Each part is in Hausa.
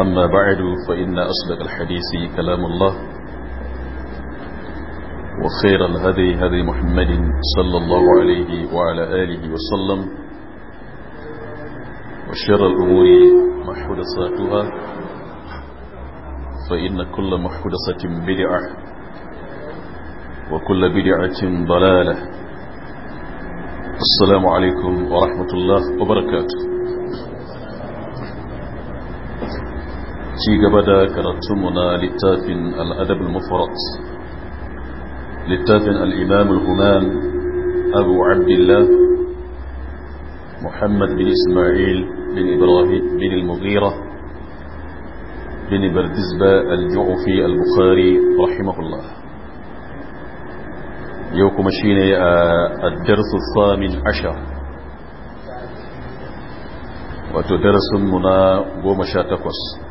أما بعد فإن أصدق الحديث كلام الله وخير الهدي هدي محمد صلى الله عليه وعلى آله وسلم وشر الأمور محدثاتها فإن كل محدثة بدعة وكل بدعة ضلالة السلام عليكم ورحمة الله وبركاته ci gaba da karatunmu na littafin al'adab al-mufarat littafin al'imam al-humam abu abdullah muhammad bin ismail bin ibrahim bin al-mughira bin bardizba al-ju'ufi al-bukhari rahimahullah yau kuma shi ne a darsu samin ashar wato darasinmu na goma sha takwas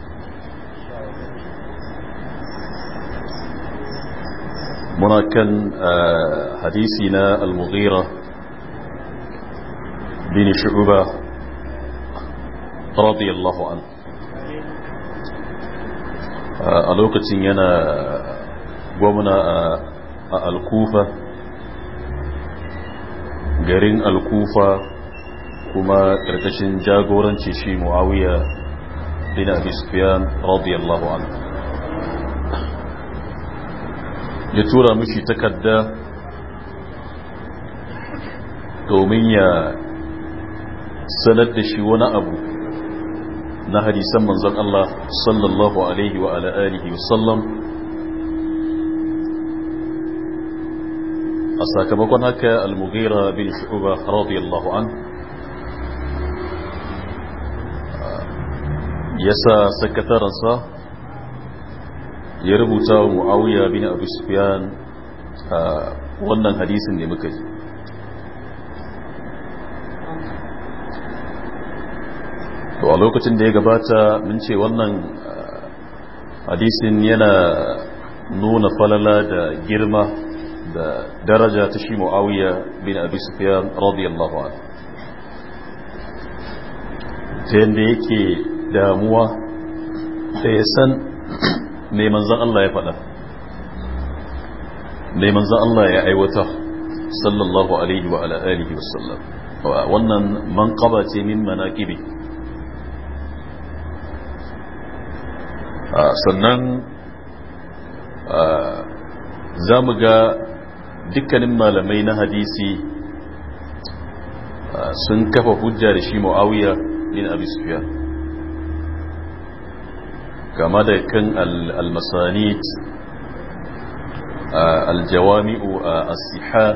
مناكن آه، حديثنا المغيرة بن شعوبة رضي الله عنه آه، ألوكة ينا قومنا آه، الكوفة جرين الكوفة كما ترتشن جاغورا تشي معاوية بن أبي سفيان رضي الله عنه ya tura mishi takarda domin ya sanar da shi wani abu na hadisan manzon Allah sallallahu alaihi wa ala alihi wasallam a sakamakon haka al-mughira bin shu'ba radiyallahu an yasa sakataransa ya rubuta wa mu'awiya bin abu a ah, wannan hadisin ne muka ji a lokacin da ya gabata mun ce wannan ah, hadisin yana nuna falala da girma da daraja ta shi mu'awiya bin abu sufiyan radiyallahu ala ta yadda yake damuwa da ya san ne manzan Allah ya faɗa ne manzan Allah ya aiwata sallallahu alaihi wa ala alihi sallam. wannan manqaba ce min manaqibi ah, sannan ah, za mu ga dukkanin malamai na hadisi ah, sun kafa hujja da shi mu'awiya bin abi sufyan game da kan al-masanid al-jawami'u as-siha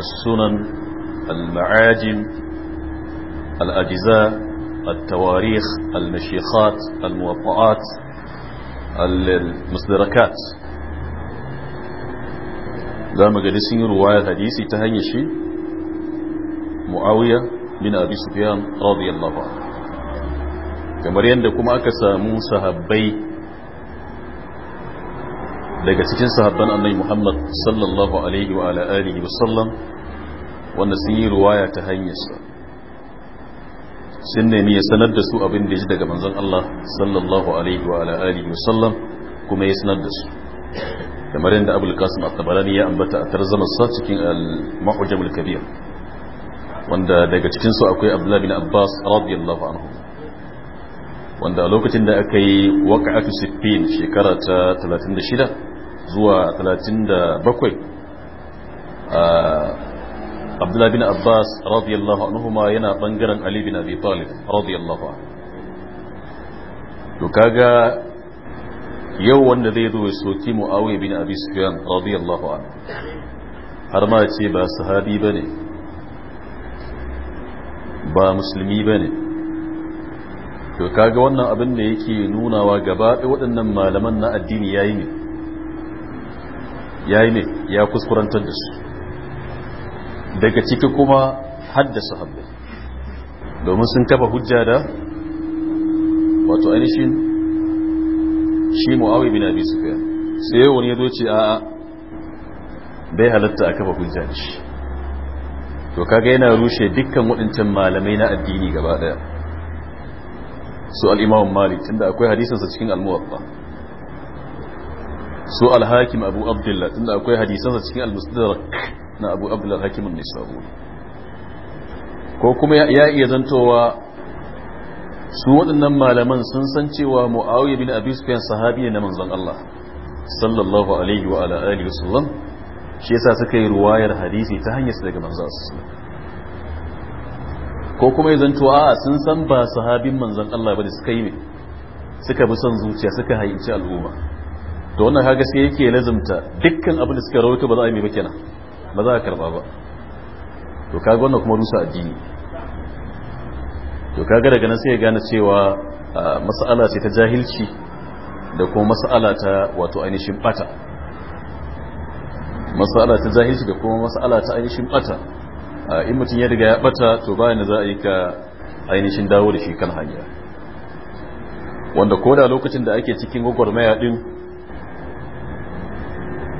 as-sunan al-ma'ajim al-ajza التواريخ المشيخات الموطئات المصدركات za mu gani sun yi ruwayar hadisi ta hanyar shi mu'awiya bin abi sufyan radiyallahu anhu kamar yadda kuma aka samu sahabbai daga cikin sahabban annai muhammad sallallahu alaihi wa ala'arihi wasallam wanda sun yi ruwaya ta hanyarsa sun nemi ya sanar da su abin da ya ji daga manzan Allah sallallahu alaihi wa ala'arihi wasallam kuma ya sanar da su kamar yadda abul qasim at-tabarani ya ambata a tarzamarsa cikin al-mahujam al-kabir wanda daga cikin su akwai abdullahi bin abbas radiyallahu anhu wanda a lokacin da aka yi waƙa'atu siffin shekara ta 36 zuwa 37 abdullahi bin abbas radiyallahu anhu ma yana bangaren ali bin abi talib radiyallahu anhu to kaga yau wanda zai zo ya soki muawiya bin abi sufyan radiyallahu anhu har ma ce ba sahabi bane ba musulmi bane to kaga wannan abin da yake nunawa gaba waɗannan malaman na addini yayi ne yayi ne ya kuskurantar da su daga ciki kuma haddasa habbai domin sun kafa hujja da wato ainihin shi mu'awi bin abi sufyan sai wani ya zo ce a bai halatta a kafa hujja da shi to kaga yana rushe dukkan waɗancan malamai na addini gaba su al malik tunda akwai hadisansa cikin al su al-hakim abu abdullah tunda akwai hadisansa cikin al-mustadrak na abu abdullah hakim an-nisaburi ko kuma ya iya zantowa su waɗannan malaman sun san cewa muawiya bin abi sufyan sahabi ne na manzon Allah sallallahu alaihi wa ala alihi wasallam shi yasa suka yi ruwayar hadisi ta hanyar daga manzon sallallahu ko kuma ya zanto a sun san ba sahabin manzon Allah ba da suka yi ne suka bi son zuciya suka hayyace al'umma to wannan kaga sai yake lazumta dukkan abin da suka rawaito ba za a yi ba kenan ba za a karba ba to kaga wannan kuma rusa addini to kaga daga nan sai ya gane cewa mas'ala ce ta jahilci da kuma mas'ala ta wato ainihin bata mas'ala ta jahilci da kuma mas'ala ta ainihin bata in mutum ya riga ya bata to ba ni za a yi ka ainihin dawo da shi kan hanya wanda ko da lokacin da ake cikin gwagwarmaya din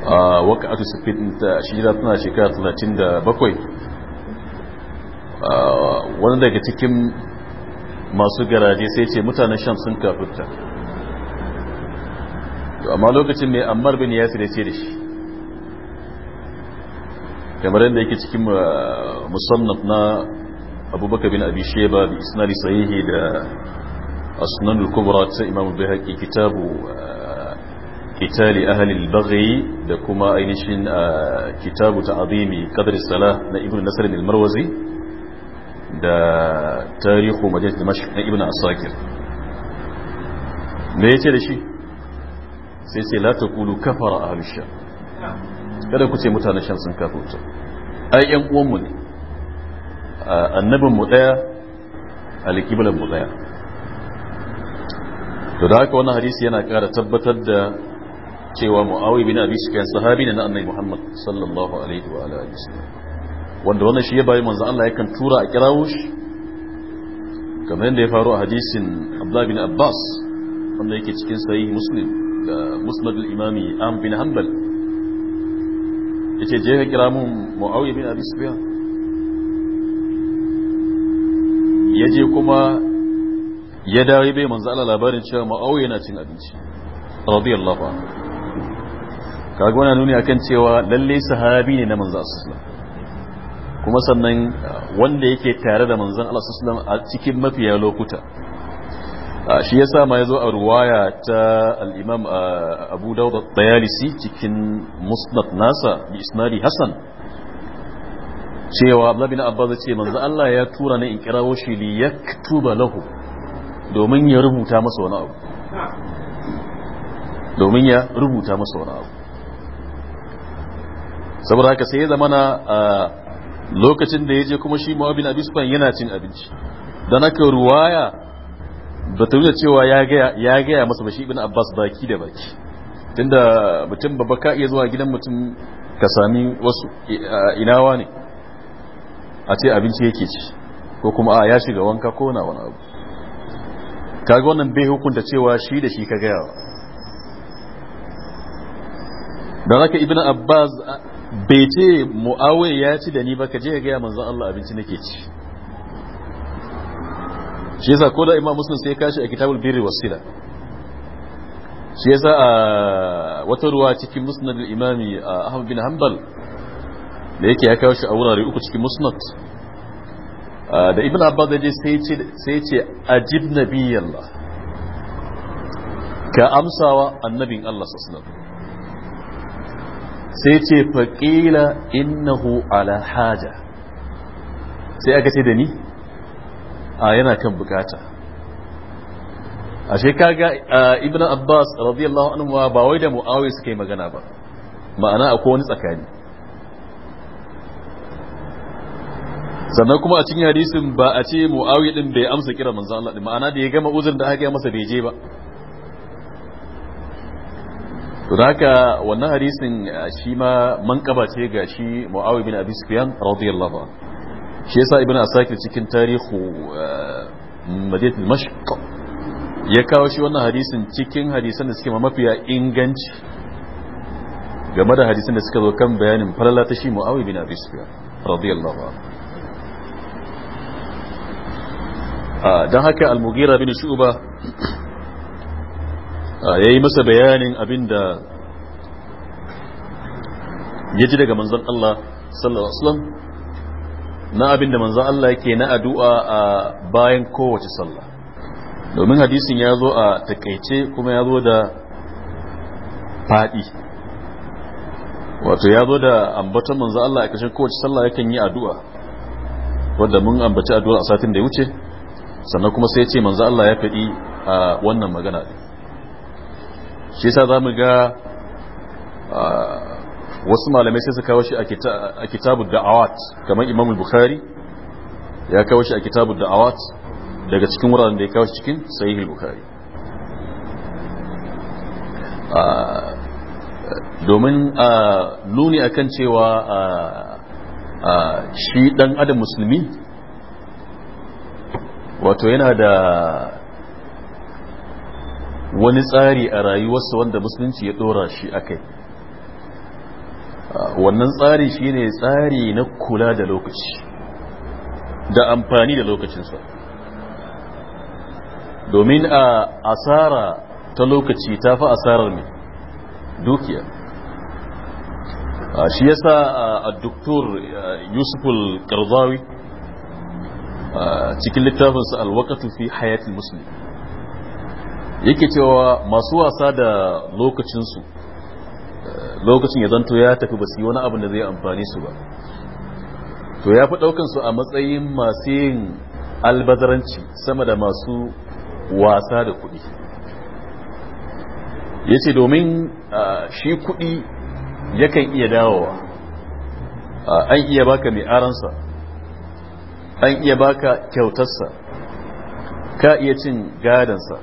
a waka atu sufin ta shi da tana shekara 37 wani daga cikin masu garaje sai ce mutanen sham sun kafurta amma lokacin mai ammar bin yasir ya ce da shi kamar yadda yake cikin musannaf na abubakar bin abi sheba bi isnadi sahihi da asnan al-kubra ta imam bayhaqi kitabu qitali ahli al-baghi da kuma ainihin kitabu ta'zimi qadr as-salah na ibn nasr al-marwazi da tarihu madinat dimashq na ibn asakir me yace da shi sai sai la taqulu kafara ahli sham kada ku ce mutanen shan sun kafirta ai yan uwanmu ne annabin mu daya alƙiblan mu daya to da haka wannan hadisi yana ƙara tabbatar da cewa mu'awi bin abi sufyan sahabi ne na annabi muhammad sallallahu alaihi wa alihi wasallam wanda wannan shi ya bayi manzo Allah yakan tura a kirawo shi kamar yadda ya faru a hadisin Abdullahi bin abbas wanda yake cikin sahih muslim da musnad al-imami am bin hanbal yace je ka kira mun muawiya bin abi sufyan yaje kuma ya dawo bai manzo Allah labarin cewa muawiya yana cin abinci radiyallahu anhu kaga wannan nuni akan cewa lalle sahabi ne na manzo sallallahu kuma sannan wanda yake tare da manzon Allah sallallahu alaihi wasallam a cikin mafiya lokuta Ah, shi ya sa ma ya zo a ruwaya ta al'imam ah, abu dauda tayalisi cikin musnad nasa bi isnari hassan cewa ablabin abbaza ce manzu Allah ya tura na in kirawo shi li ya tuba lahu domin ya rubuta masa wani abu domin ya rubuta masa wani abu saboda haka sai ya zama na ah, lokacin da ya je kuma shi ma'abin abisufan yana cin abinci don haka ruwaya ba ta wuce cewa ya gaya masa ba shi ibn abbas baki da baki tunda mutum babba ka iya zuwa gidan mutum ka sami wasu eh, inawa ne a ce abinci yake ci ko kuma a ya shiga wanka ko na wani abu kaga wannan bai hukunta cewa shi da shi ka gaya wa da zaka ibn abbas bai ce mu'awai ya ci da ni ba ka je ya gaya manzan allah abinci nake ci shi yasa ko da imam muslim sai kashi a kitabul birri wasila shi yasa a ah, wata ruwa cikin musnad al-imami ah, ahmad bin hanbal da yake ya kawo shi a wurare uku cikin musnad ah, da ibn abbas dai sai ce sai ce ajib nabiyallah ka amsawa annabin allah sallallahu sai ce faƙila innahu ala haja sai aka ce da ni a yana kan bukata ashe shekaga ibn abbas radiyallahu anhu ba wai da muawiya suka yi magana ba ma'ana akwai wani tsakani sannan kuma a cikin hadisin ba a ce muawiya din bai amsa kira manzon Allah din ma'ana da ya gama uzun da aka yi masa bai je ba to haka wannan hadisin shi ma manƙaba ce ga shi muawiya bin abi sufyan radiyallahu anhu shi yasa ibn asakir cikin tarihu eh, madinatul mashq ya kawo shi wannan hadisin cikin hadisan da suke mafiya inganci game da hadisan da suka zo kan bayanin falala ta shi mu'awi bin abi sufyan radiyallahu anhu ah, dan haka al-mughira bin shu'ba ah, yayi masa bayanin abinda ya ji daga manzon Allah sallallahu alaihi wasallam na abin da manzo Allah yake na addu'a a bayan kowace sallah domin hadisin ya zo a takaice kuma ya zo da faɗi wato ya zo da ambaton manzo Allah a ƙarshen kowace sallah yakan yi addu'a wadda mun ambaci addu'a a satin da ya wuce sannan kuma sai ya ce manzo Allah ya faɗi a wannan magana shi yasa za mu ga wasu malamai sai su kawo shi a kitabu da'awat kamar imamul bukhari ya kawo shi a kitabu da'awat daga cikin wuraren da ya kawo shi cikin sahihul bukhari domin nuni akan cewa shi dan adam musulmi wato yana da wani tsari a rayuwarsa wanda musulunci ya dora shi a kai wannan tsari shine tsari na kula da lokaci da amfani da lokacinsa domin a asara ta lokaci ta fi asarar mai dukiya shi yasa a doktor yusuful karzawi cikin littafinsa alwakatu fi hayatul musulmi yake cewa masu wasa da lokacinsu lokacin ya zanto ya tafi ba su yi wani abin da zai amfani su ba to ya fi ɗaukan su a matsayin masu yin albazaranci sama da masu wasa da kuɗi ya ce domin shi kuɗi yakan iya dawowa an iya baka mai aransa an iya baka kyautarsa ka iya cin gadansa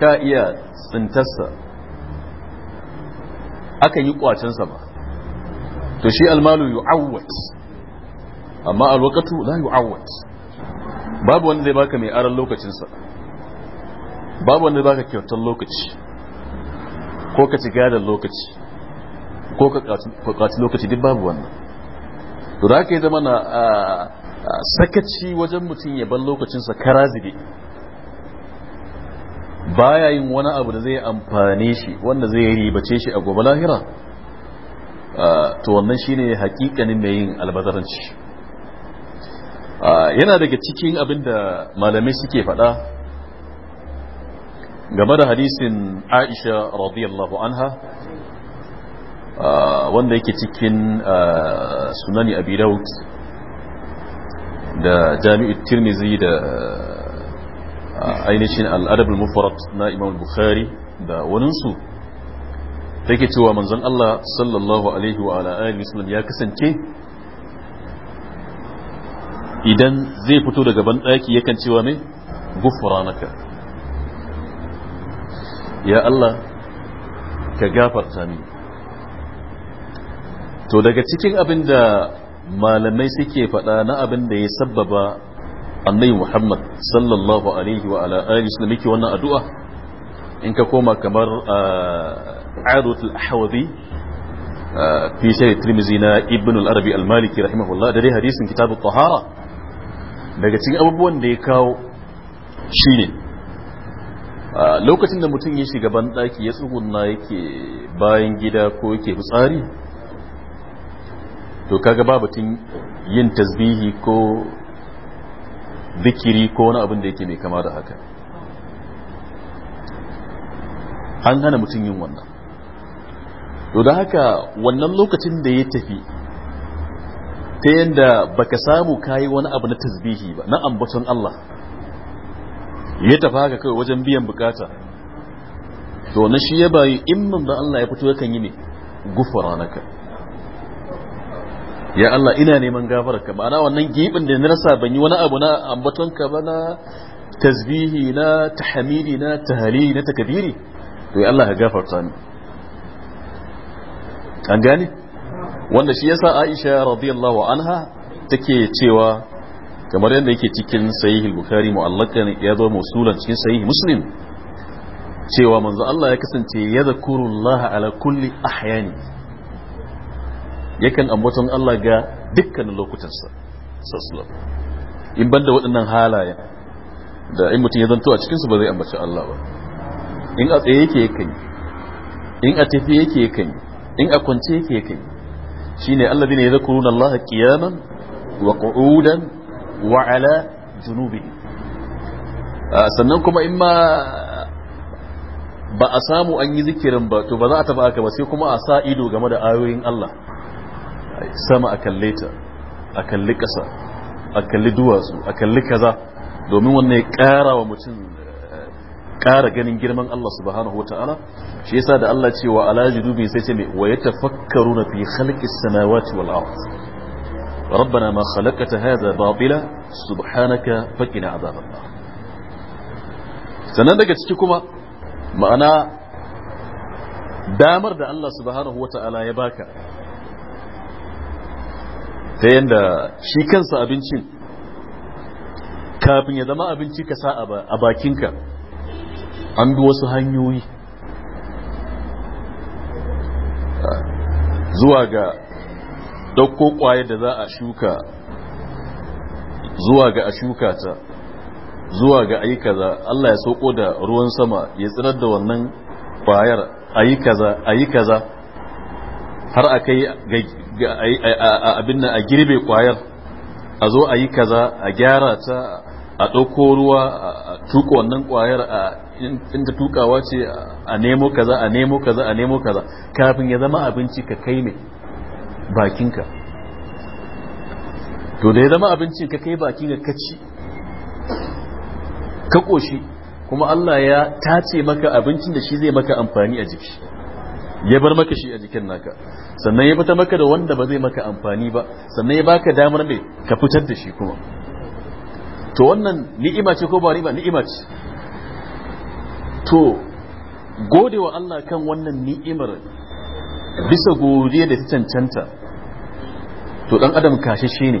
ka iya tsintarsa aka yi kwacensa ba to shi almalu yu'awwat amma alwaqatu la yu'awwat babu wanda zai baka mai aran lokacinsa babu wanda zai baka kyautar lokaci ko ka ci gadon lokaci ko ka kwaci lokaci duk babu wannan to da haka zama na ah, ah, sakaci wajen mutum ya bar lokacinsa karazibi baya yin wani abu da zai amfane shi wanda zai ribace shi a gobe lahira ah, to wannan shine hakikanin mai yin albazaranci ah, yana daga cikin abin da malamai suke faɗa game da hadisin aisha radiyallahu anha ah, wanda yake cikin sunani abi da jami'ar tirmizi da ainihin al'adab al-mufarat na imam bukhari da waninsu ke cewa manzon Allah sallallahu alaihi wa alihi wasallam ya kasance idan zai fito daga ban daki yakan cewa mai naka ya Allah ka gafarta ni. to daga cikin abin da malamai suke faɗa na abin da ya sabbaba annabi Muhammad sallallahu alaihi wa ala alihi wasallam yake wannan addu'a in ka koma kamar Adatul Ahwadi fi sharh Tirmidhi na Ibn al-Arabi al-Maliki rahimahullah da dai hadisin kitab at-tahara daga cikin abubuwan da ya kawo shine lokacin da mutum ya shiga ban daki ya tsuguna yake bayan gida ko yake fitsari to kaga babatin yin tasbihi ko Bikiri ko wani abin da yake mai kama da haka an hana mutum yin wannan to da haka wannan lokacin da ya tafi ta yadda baka samu kayi wani abu na tasbihi ba na ambaton Allah ya tafi haka kawai wajen biyan bukata to na shi ya bayi in da Allah ya fito ya kan yi ne na naka ya Allah ina neman gafararka ma'ana wannan gibin da na rasa ban yi wani abu na ambatonka ba na tasbihi na tahmidi na tahlili na takbiri to ya Allah ka gafarta ni an gane wanda shi yasa Aisha radiyallahu anha take cewa kamar yadda yake cikin sahih al-bukhari mu'allaqan ya zo musulan cikin sahih muslim cewa manzo Allah ya kasance ya zakurullah ala kulli ahyani yakan ambaton Allah ga dukkanin lokutansa sallallahu in banda waɗannan halayen da in mutum ya zanto a cikinsu ba zai ambaci Allah ba in a tsaye yake yakan yi in a tafi yake yakan yi in a kwance yake yakan yi shine alladhina yadhkuruna Allah qiyaman wa qu'udan wa ala junubihim ah, sannan kuma in ma ba a samu an yi zikirin ba to ba za a taba aka ba sai kuma a sa ido game da ayoyin Allah sama a kalle ta a kalli ƙasa a kalli duwatsu a kalli kaza domin wannan ya ƙara wa mutum eh, ƙara ganin girman Allah subhanahu wa ta'ala shi yasa da Allah cewa alaji dubi sai ce mai wa ya tafakkaru na fi halƙis samawati wal ard rabbana ma khalaqata hadha babila subhanaka faqina azaban sannan daga ciki kuma ma'ana damar da Allah subhanahu wa ta'ala ya baka ta yadda shi kansa abincin kafin ya zama abinci ka sa a bakinka an bi wasu hanyoyi zuwa ga ɗauko ƙwaye da za a shuka zuwa ga a shuka ta zuwa ga ayi kaza Allah ya sauko da ruwan sama ya tsirar da wannan kwayar ayi kaza kaza har a kai abin nan a girbe kwayar a zo a yi kaza a gyara ta a ɗauko ruwa a tuko wannan kwayar a inda tukawa ce a nemo kaza a nemo kaza a nemo kaza kafin ya zama abinci ka kai ne bakinka to da ya zama abinci ka kai bakinka ka ci ka koshi kuma Allah ya tace maka abincin da shi zai maka amfani a jiki ya bar maka shi a jikin naka sannan ya fita maka da wanda ba zai maka amfani ba sannan ya baka damar ne ka fitar da shi kuma to wannan ni'ima ce ko ba ni'ima ni'ima ce to gode wa Allah kan wannan ni'imar bisa gode da ta cancanta to dan adam kashe shi ne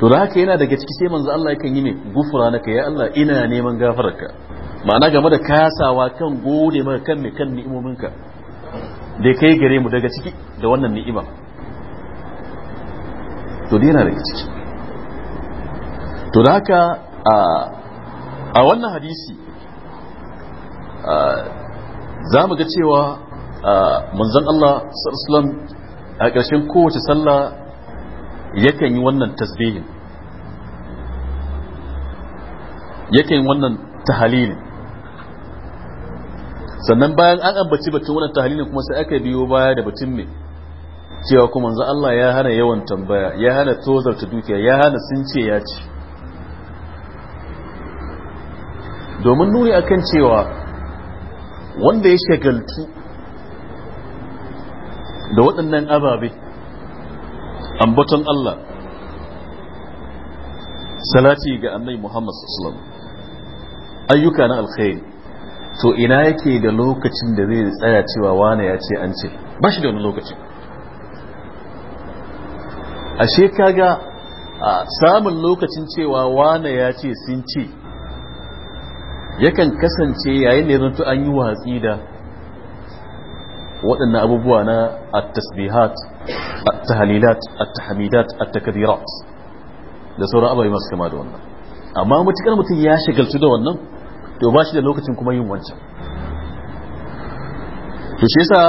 to da haka yana daga ciki sai manzo Allah yakan yi ne gufura naka ya Allah ina neman gafararka ma'ana game da kasawa kan gode maka kan mai kan ni'imominka da kai gare mu daga ciki da wannan ni'ima to dina daga ciki to da haka a wannan hadisi za mu ga cewa manzan Allah sallallahu a ƙarshen kowace sallah yakan yi wannan tasbihin yakan yi wannan tahalilin sannan bayan an ambaci batun wannan tahlilin kuma sai aka biyo baya da batun mai cewa kuma manzo Allah ya hana yawan tambaya ya hana tozarta dukiya ya hana sun ce ya ci domin nuni akan cewa wanda ya shagaltu da waɗannan ababe ambaton Allah salati ga annabi Muhammad sallallahu alaihi wasallam ayyuka na alkhairi to ina yake da lokacin da zai tsaya cewa wane ya ce an ce ba shi da wani lokacin shekaga a samun lokacin cewa wane ya ce sun ce yakan kasance yayin da zanto an yi watsi da waɗannan abubuwa na at-tasbihat at-tahlilat at-tahmidat at-takbirat da sauran abubuwa masu kama da wannan amma mutukar mutum ya shagaltu da wannan to ba shi da lokacin kuma yin wancan to shi yasa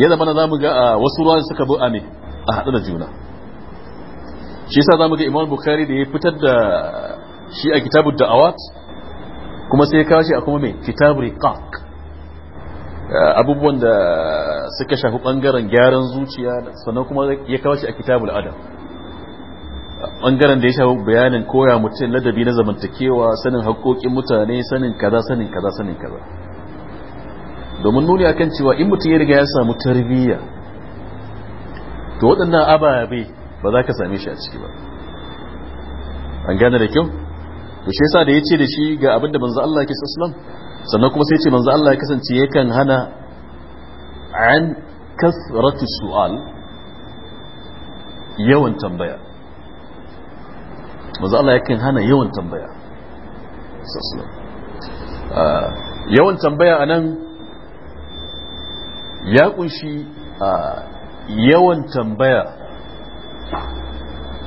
ya zama na zamu ga ah, wasu ruwan suka bi a ne a haɗu da juna shi yasa zamu ga Imam Bukhari da ya fitar da shi a kitabu da'awat kuma sai ya kawo shi a kuma mai kitab riqaq ah, abubuwan da suka shafi bangaren gyaran zuciya sannan kuma ya kawo shi a kitabu adab bangaren da ya shafi bayanin koya mutum ladabi na zamantakewa sanin haƙoƙin mutane sanin kaza sanin kaza sanin kaza domin nuni akan cewa in mutum ya riga ya samu tarbiyya to waɗannan ababe ba za ka same shi a ciki ba an gane da kyau da shi yasa da ya ce da shi ga abin da manzo Allah ya kisa islam sannan kuma sai ce manzo Allah ya kasance yakan hana an kasratu su'al yawan tambaya maza Allah yakan hana yawan tambaya ah, yawan tambaya a nan ya kunshi ah, yawan tambaya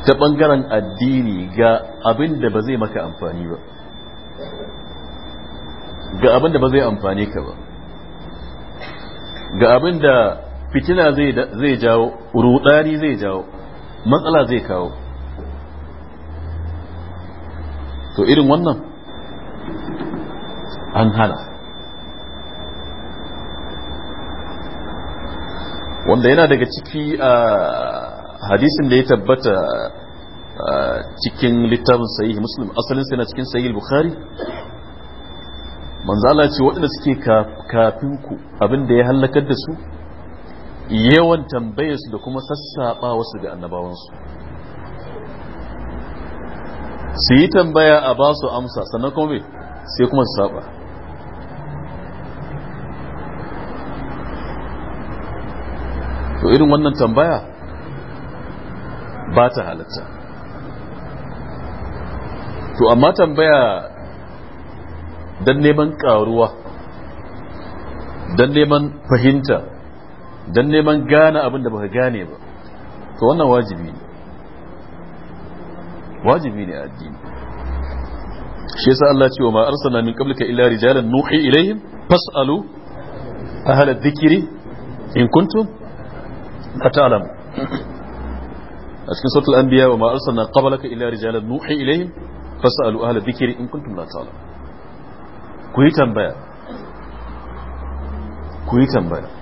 ta bangaren addini ga abin da ba zai maka amfani ba ga abin da ba zai amfani ka ba ga abin da fitina zai jawo rudani zai jawo matsala zai kawo to irin wannan an hana wanda yana daga ciki a ah, hadisin da ya tabbata ah, cikin littafin sahihi muslim asalin sai na cikin sahihi bukhari manzala ce waɗanda suke kafin ku abin da ya hallakar da su yawan tambayarsu da kuma sassaɓa wasu ga annabawansu su yi tambaya a ba su amsa sannan kuma me sai kuma su saba to irin wannan tambaya ba ta halatta to amma tambaya don neman karuwa don neman fahimta don neman gane abin da baka gane ba to wannan wajibi ne wajibi ne a addini shi yasa Allah ce wa ma arsalna min qablika illa rijalan nuhi ilayhim fasalu ahla dhikri in kuntum la ta'lamu a cikin suratul anbiya wa ma arsalna qablaka illa rijalan nuhi ilayhim fasalu ahla dhikri in kuntum la ta'lamu ku yi tambaya ku yi tambaya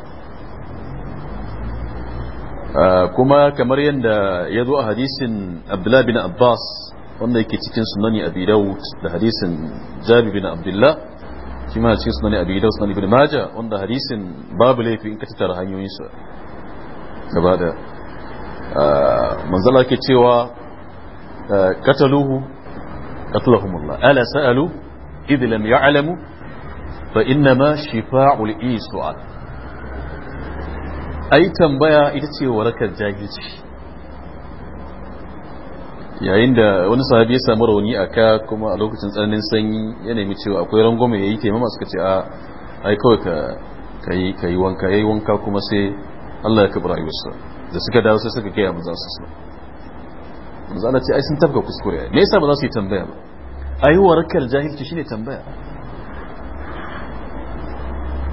kuma kamar yadda ya zo a hadisin abdullahi bin abbas wanda yake cikin sunani abi daud da hadisin jabi bin abdullah shi ma cikin sunani abi daud sunani bin maja wanda hadisin babu laifi in ka tattara hanyoyinsa gaba da manzala ke cewa kataluhu qatlahumullah ala sa'alu idh lam ya'lamu fa innama shifa'ul iswa'at ai tambaya ita ce warakar jahilci yayin da wani sahabi ya samu rauni a ka kuma a lokacin tsananin sanyi ya nemi cewa akwai rangwame ya yi taimama suka ce a ai kawai ka yi wanka ya yi wanka kuma sai Allah ya kaɓi rayuwarsa da suka dawo sai suka gaya maza su suna maza ana ce ai sun tabga kuskure me yasa ba za su yi tambaya ba ayi warakar jahilci shine tambaya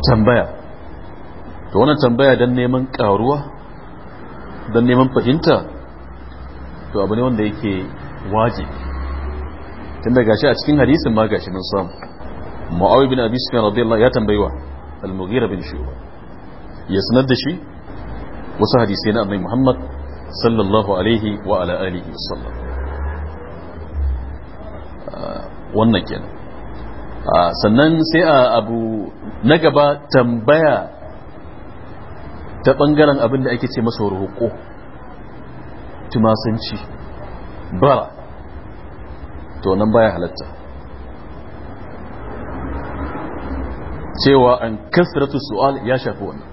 tambaya to wani tambaya don neman karuwa don neman fahimta to abu ne wanda yake waje tun da gashi a cikin hadisin ma gashi mun samu ma'awi bin abi sufyan radiyallahu ya tambayi wa al-mughira bin shuba ya sanar da shi wasu hadisai na annabi muhammad sallallahu alaihi wa ala alihi sallam. Ah, wannan kenan ah, sannan sai a abu na gaba tambaya ta bangaren abin da ake ce masa roƙo tumasanci bara to nan baya halatta cewa an kasratu su'al ya shafi wannan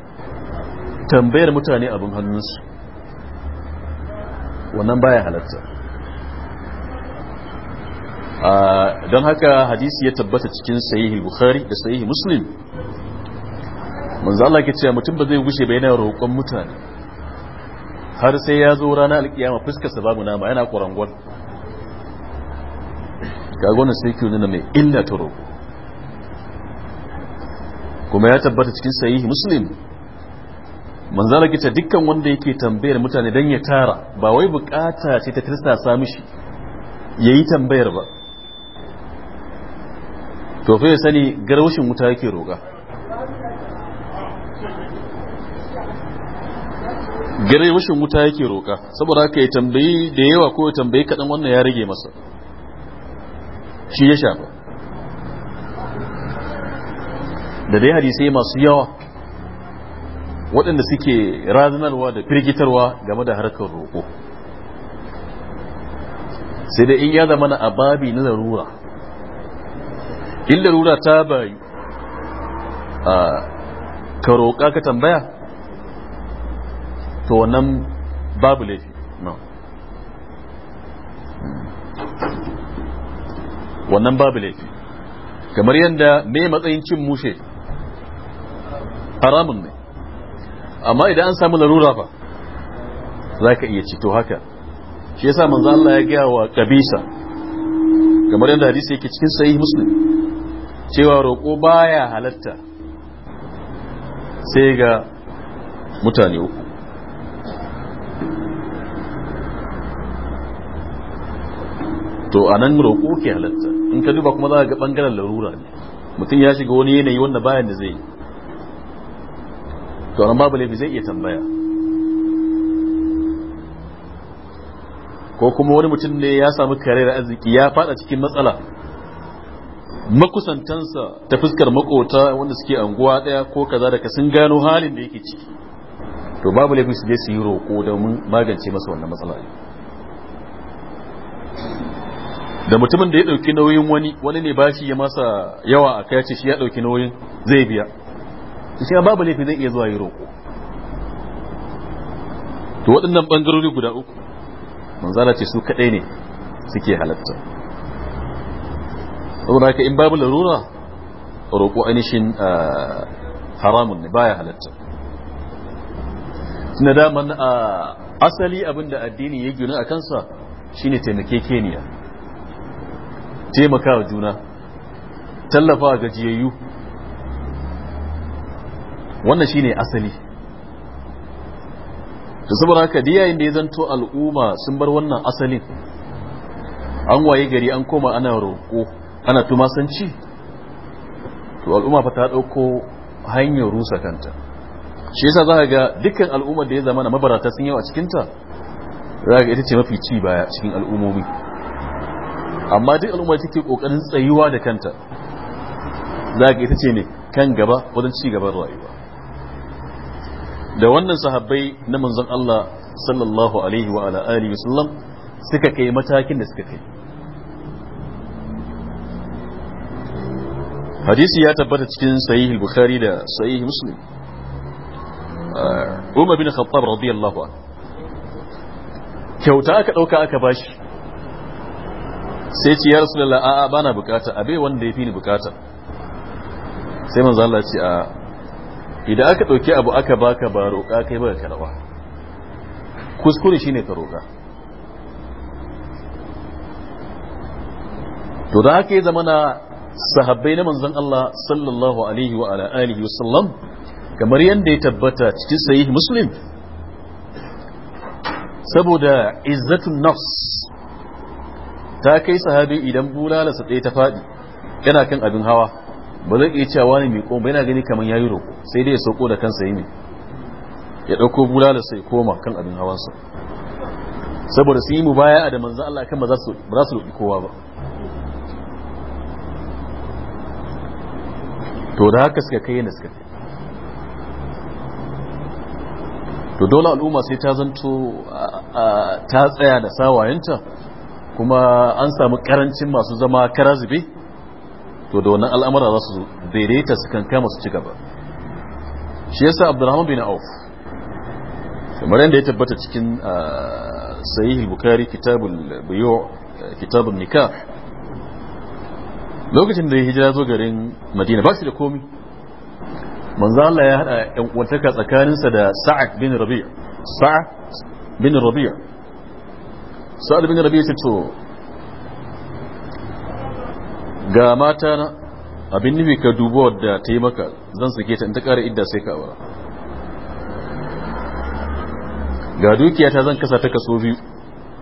tambayar mutane abin hannunsu wannan baya halatta ah, don haka hadisi ya tabbata cikin sahihi bukhari da sahihi muslim manzo Allah yake cewa mutum ba zai gushe ba yana roƙon mutane har sai ya zo rana alkiyama sa babu nama yana kwarangwal ga gona sai ki nuna mai illa ta roƙo kuma ya tabbata cikin sahihi muslim manzo Allah yake dukkan wanda yake tambayar mutane dan ya tara ba wai bukata ce ta tirsasa mishi yayi tambayar ba to fa ya sani garwashin wuta yake roƙa gare wushin wuta yake roƙa saboda haka ya tambayi da yawa ko ya tambayi kaɗan wannan ya rage masa shi ya shafa da dai hadisai masu yawa waɗanda suke razanarwa da firgitarwa game da harkar roƙo sai da in ya zama na ababi na larura in larura ta bayu ka roƙa ka tambaya to wannan babu laifi wannan babu laifi kamar yadda me matsayin cin mushe haramun ne amma idan an samu larura ba za ka iya cito haka shi yasa manzo Allah ya gaya wa kabisa kamar yadda hadisi yake cikin sahih muslim cewa roƙo baya halatta sai ga mutane uku to a nan roƙo ke halatta in ka duba kuma za ga ɓangaren larura ne mutum ya shiga wani yanayi wanda bayan da zai to amma babu laifi zai iya tambaya ko kuma wani mutum ne ya samu kare da arziki ya fada cikin matsala makusantansa ta fuskar makota wanda suke anguwa daya ko kaza daga sun gano halin da yake ciki to babu laifin su je su yi roƙo domin magance masa wannan matsala ne. da mutumin da ya ɗauki nauyin wani wani ne bashi ya masa yawa a kai ce shi ya ɗauki nauyin zai biya shi babu laifi zai iya zuwa yi roƙo to waɗannan ɓangarori guda uku manzala ce su kaɗai ne suke halatta saboda haka in babu larura roƙo ainihin ah, haramun ne baya halatta na daman a asali abinda addini ya gina a kansa shine taimaka taimakawa juna tallafawa gajiyayyu wannan shine asali da saboda haka yayin da ya zanto al'umma sun bar wannan asalin an waye gari an koma ana roƙo ana tumasanci to al'umma fa ta ɗauko hanyar rusa kanta shi yasa za ga dukkan al'ummar da ya zama na mabarata sun yawa cikinta za ga ita ce mafi ci baya cikin al'ummomi amma duk al'ummar take kokarin tsayuwa da kanta za ga ita ce ne kan gaba wajen ci gaban rayuwa da wannan sahabbai na manzon Allah sallallahu alaihi wa ala alihi wasallam suka kai matakin da suka kai hadisi ya tabbata cikin sahih bukhari da sahih muslim umar bin khattab radiyallahu anhu kyauta aka dauka aka bashi sai ce ya rasulullah a'a bana bukata abe wanda yafi ni bukata sai manzo Allah ce a idan aka dauki abu aka baka ba roƙa kai ba rawa. kuskure shine ka roƙa to da haka ya zamana sahabbai na manzon Allah sallallahu alaihi wa ala alihi wasallam kamar yadda ya tabbata cikin sayi muslim saboda izzatun nafs ta kai sahabi idan bulalarsa ɗaya ta faɗi yana kan abin hawa ba zai iya cewa ne mai koma yana gani kamar yayi roƙo sai dai ya sauko da kansa yi ne ya ɗauko bulalarsa ya koma kan abin hawansa saboda su yi mu baya da manzan Allah kan ba za su roƙi kowa ba to da haka suka kai yadda suka kai to dole al'umma sai ta zanto ta tsaya da sawayenta kuma an samu karancin masu zama karazube to da wannan al'amura za su daidaita su kan kama su ci gaba shi yasa abdurrahman bin auf kamar yadda ya tabbata cikin sahih bukari kitabul biyu kitabun nikah lokacin da ya hijira zo garin madina ba shi da komi manzo Allah ya hada yan uwantaka tsakaninsa da Sa'ad bin Rabi' Sa'ad bin Rabi' Sa'ad bin Rabi' ce to ga mata na abin nufi ka dubo da ta yi maka zan sake ta in ta kara idda sai ka aura ga dukiya ta zan kasa ta kaso biyu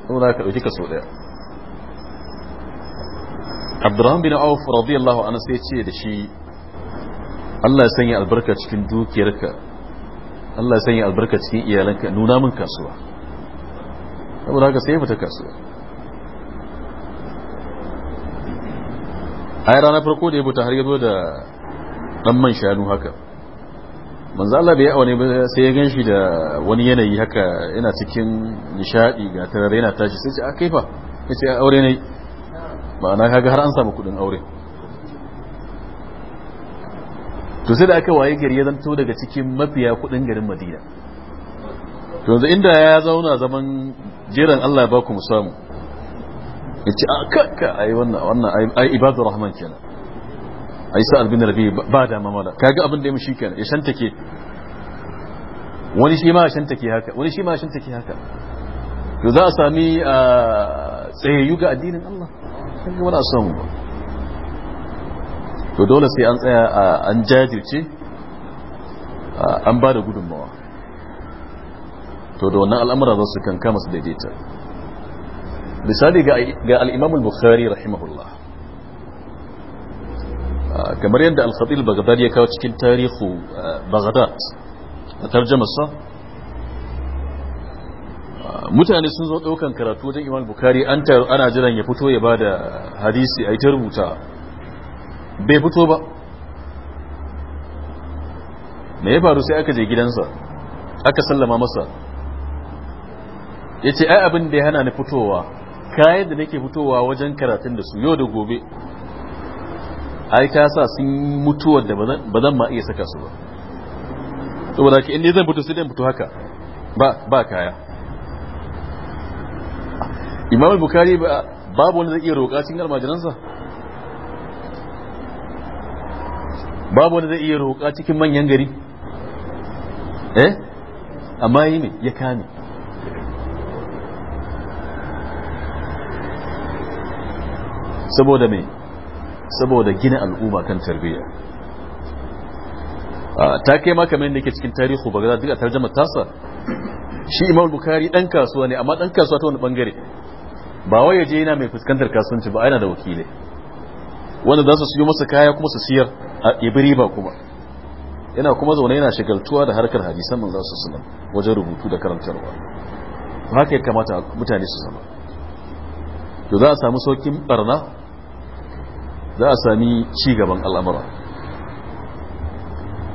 saboda ka dauki kaso daya Abdurrahman bin Auf radiyallahu anhu sai ce da shi Allah ya sanya albarka cikin dukiyarka Allah ya sanya albarka cikin iyalanka nuna min kasuwa saboda haka sai fita kasuwa a ranar farko da ya buta har yazo da dan man shanu haka manzo Allah bai yawa ne ba sai ya ganshi da wani yanayi haka yana cikin nishadi ga tarare yana tashi sai ce a kaifa yace aure ne ba na kaga har an samu kudin aure to sai da aka waye gari ya zanto daga cikin mafiya kudin garin madina to yanzu inda ya zauna zaman jiran Allah ya baku ku samu ya ce a kakka ai wannan wannan ai ibadu rahman kenan ai sa albin rabi ba da mamala kaga abin da ya mishi kenan ya shantake wani shi ma shantake haka wani shi ma shantake haka to za a sami ah, tsayayyu ga addinin Allah kaga wala samu ba to dole sai an tsaya an jajirce an ba da gudunmawa to da wannan al'amura za su kan kama su daidaita misali ga al'imamul bukhari rahimahullah kamar yadda al-khatil bagdad ya kawo cikin tarihu bagdad a tarjamasa mutane sun zo daukan karatu wajen imam bukhari an taru ana jiran ya fito ya ba da hadisi a yi ta rubuta bai fito ba me ya faru sai aka je gidansa aka sallama masa ya ce ai abin da ya hana ni fitowa kayan da nake fitowa wajen karatun da su yau da gobe ai ka sa sun mutuwar da ba zan ma iya saka su ba saboda ka inda zan fito sai dan fito haka ba kaya imam bukari babu wanda zai iya roƙa cikin almajiransa babu wanda zai iya roƙa cikin manyan gari eh amma yi ne ya kame saboda me saboda gina al'umma kan tarbiyya ta kai ma kamar da ke cikin tarihu ba duk a tarjama tasa shi imam bukari dan kasuwa ne amma dan kasuwa ta wani bangare ba wai je yana mai fuskantar kasuwanci ba yana da wakilai wanda za su siyo masa kaya kuma su siyar a ibiri ba kuma yana kuma zaune yana shagaltuwa da harkar hadisan manzo sallallahu alaihi wasallam wajen rubutu da karantarwa haka ya kamata mutane su zama to za a samu saukin barna za a sami ci gaban al'amura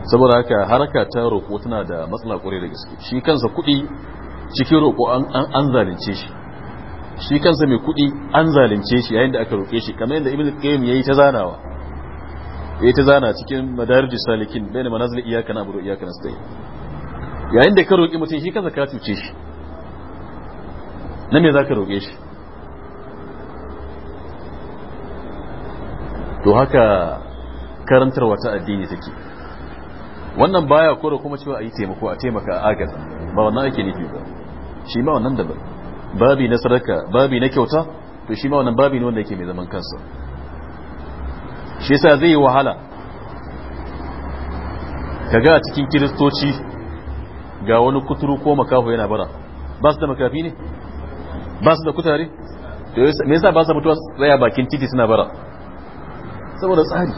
saboda haka haraka ta roƙo tana da matsala ƙwarai da gaske shi kansa kuɗi cikin roƙo an zalunce shi shi kansa mai kuɗi an zalunce shi yayin da aka roƙe shi kamar yadda ibn qayyim yayi ta zanawa yayi ta zana cikin madarijus salikin bayna manazil iyyaka na buru iyyaka nasta'in yayin da ka roƙi mutum shi kansa ka tuce shi na me zaka roƙe shi to haka karantarwa ta addini take wannan baya kore kuma cewa a yi taimako a taimaka a agaza ba wannan ake nufi ba shi ma wannan ba babi na sadaka babi na kyauta to shi ma wannan babi ne wanda yake mai zaman kansa shi yasa zai yi wahala kaga a cikin kiristoci ga wani kuturu ko makaho yana bara ba su da makafi ne ba su da kutare me yasa ba su mutuwa tsaya bakin titi suna bara saboda tsari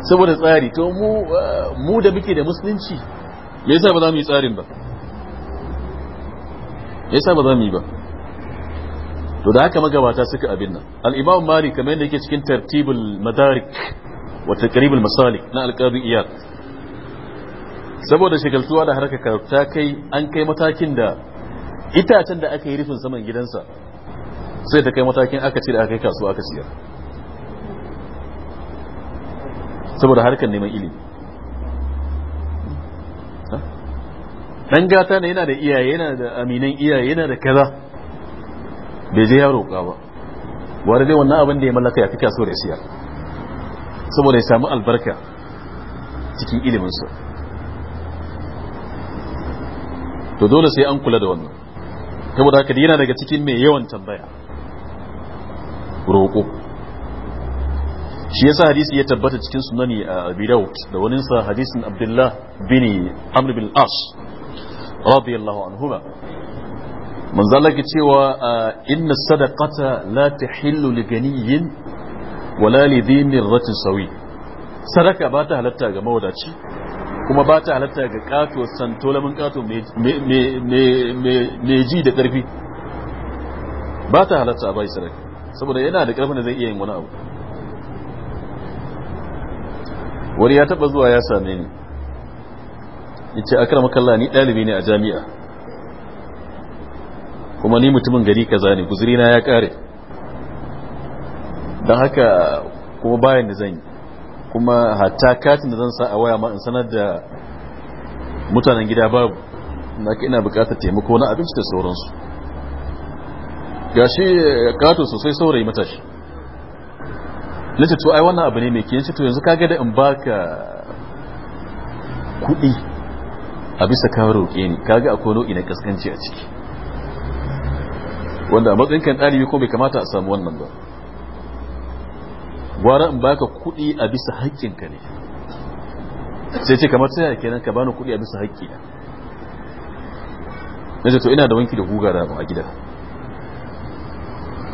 saboda tsari to mu da muke da musulunci me yasa ba za mu yi tsarin ba yasa ba za mu yi ba to da haka magabata suka abin nan al-imam malik kamar yadda yake cikin tartibul madarik wa taqribul masalik na al-qadi iyad saboda shigaltuwa da harkar karanta kai an kai matakin da itacen da aka yi rufin saman gidansa sai ta kai matakin aka ce da aka yi kasuwa aka siyar saboda harkar neman ilimi dan gata ne yana da iyaye yana da aminan iyaye yana da kaza bai je ya roƙa ba wani dai wannan abin da ya mallaka ya fi kaso da siyar saboda ya samu albarka cikin iliminsa to dole sai an kula da wannan saboda haka yana daga cikin mai yawan tambaya roƙo shi yasa hadisi ya tabbata cikin sunani a abi da waninsa hadisin abdullah bin amr bin as radiyallahu anhuma manzo Allah cewa ah, inna sadaqata la tahillu li ganiyyin wala li dhinir ratin sawi sadaka ba ta halatta ga mawadaci kuma ba ta halatta ga kato santo lamun kato mai ji da karfi ba ta halatta bai sadaka saboda yana da karfin da zai iya yin wani abu wani ya taba zuwa ya same ni yace kalla ni dalibi ne a jami'a kuma ni mutumin gari kaza ne guzuri na ya kare don haka kuma bayan da zan yi kuma hatta katin da zan sa a waya ma in sanar da mutanen gida babu na ina bukatar taimako na abinci da sauransu gashi eh, kato sosai saurayi matashi na to ai wannan abu ne mai kiyanci to yanzu ka da in baka kuɗi a bisa ka roƙe ni kaga akwai nau'i na kaskanci a ciki wanda a matsayin kan ɗalibi ko bai kamata a samu wannan ba gwara in baka kuɗi a bisa haƙƙinka ne sai ce kamar a kenan ka bani kuɗi a bisa haƙƙi na na to ina da wanki da guga da a gida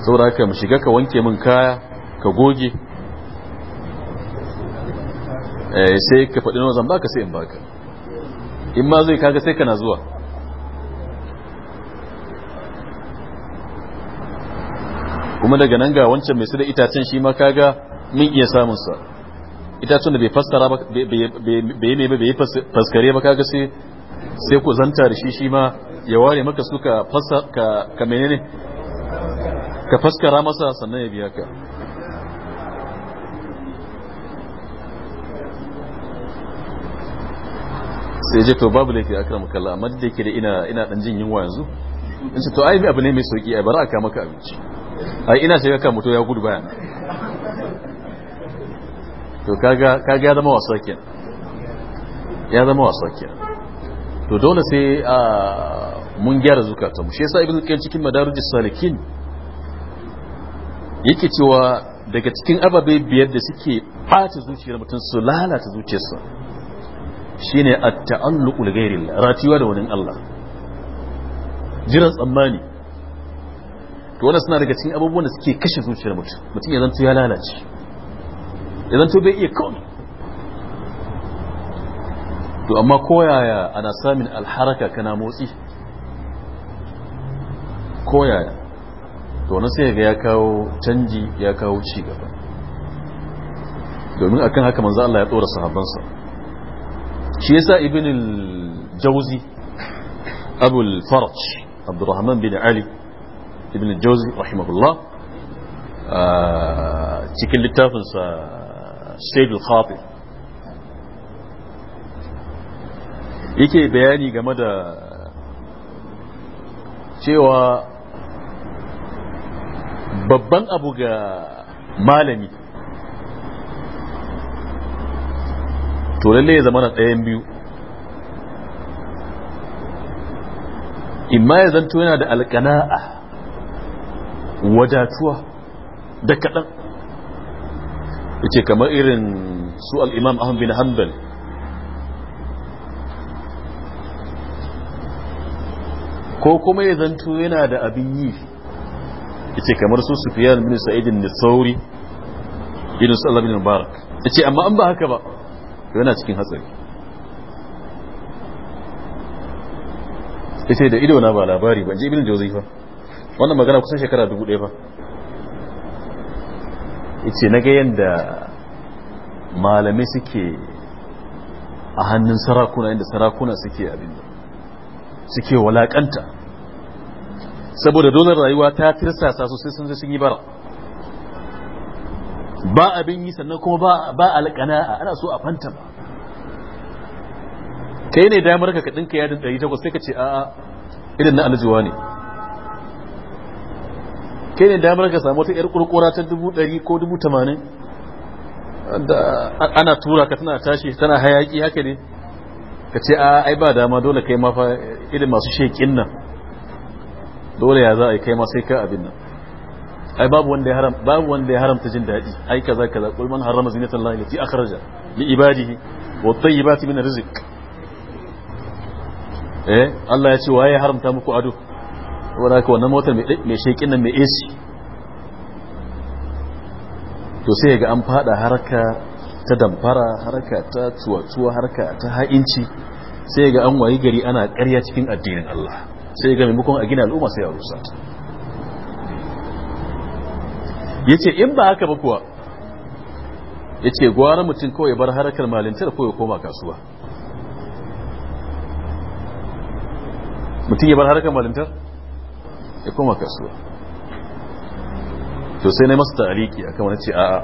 saboda haka mu shiga ka wanke min kaya ka goge eh, sai ka faɗi nawa zan baka sai in baka in ma zai kaga sai kana zuwa kuma daga nan ga wancan mai su da itacen shi ma kaga min iya samunsa itacen da bai fassara ba bai ne ba bai faskare ba kaga sai sai ku zanta da shi shi ma ya ware maka suka fassara ka menene ka faskara masa sannan ya biya ka sai je to babu laifi akram kalla amma da yake da ina ina dan jin yunwa yanzu in ce to ai abu ne mai sauki ai bari kama maka abinci ai ina shiga kan mutum ya gudu bayan to kaga kaga ya zama wasa ya zama wasa to dole sai mun gyara zukatan mu shi yasa ibnu qayyim cikin madarijus salikin yake cewa daga cikin ababe biyar da suke fata zuciyar mutum su lalata zuciyarsa shine at-ta'alluqu li ghairi ratiwa da wani Allah jiran tsammani to wannan suna daga cikin abubuwan da suke kashe zuciyar mutum mutum ya zanto ya lalace ya zanto bai iya komai to amma koyaya ana samun alharaka kana motsi koyaya to wani sai ga ya kawo canji ya kawo cigaba. gaba domin akan haka manzo Allah ya tsora sahabbansa shi yasa ibn al-jawzi abul faraj abdurrahman bin ali ibn al-jawzi rahimahullah cikin littafinsa shadul khafi yake bayani game da cewa babban abu ga malami to lalle ya zama na ɗayan biyu imma ya zanto yana da alƙana'a wadatuwa da kaɗan yace kamar irin su al'imam ahun bin hanbal ko kuma ya zanto yana da abin yi yace kamar su sufiyan bin sa'idin da sauri irin su allah bin mubarak yace amma an ba haka ba to yana cikin hatsari ita da ido na ba labari ban ji ibn jauzi fa wannan magana kusan shekara dubu ɗaya fa yace na ga yanda malamai suke a hannun sarakuna yadda sarakuna suke abin suke walakanta saboda donar rayuwa ta tirsasa sosai sun zai sun yi bara ba abin yi sannan kuma ba alƙana'a ana so a fanta ba kai ne damar ka kaɗin ka yadin takwas sai ka ce a'a irin na aljiwa ne kai ne damar ka samu wata 'yar kurkura ta dubu ɗari ko dubu tamanin? Da ana tura ka tana tashi tana hayaki haka ne ka ce a ai ba dama dole kai ma fa irin masu shekin nan dole ya za a yi kai ma sai ka abin nan ai babu wanda ya haram babu wanda ya haramta jin daɗi ai kaza kaza qul man harrama zinata allahi lati akhraja li ibadihi wa tayyibati min rizq eh Allah ya ce waye haramta muku ado wanda ka wannan motar mai shekin nan mai AC to sai ga an fada harka ta damfara harka ta tuwatuwa harka ta ha'inci sai ga an wayi gari ana ƙarya cikin addinin Allah sai ga maimakon a gina al'umma sai a rusa ya ce in ba haka ba kuwa ya ce gwara mutum ko ya bar harakar malintar ko ya koma kasuwa mutum ya bar harakar malintar ya koma kasuwa to sai na masu tariki a kama na ce a'a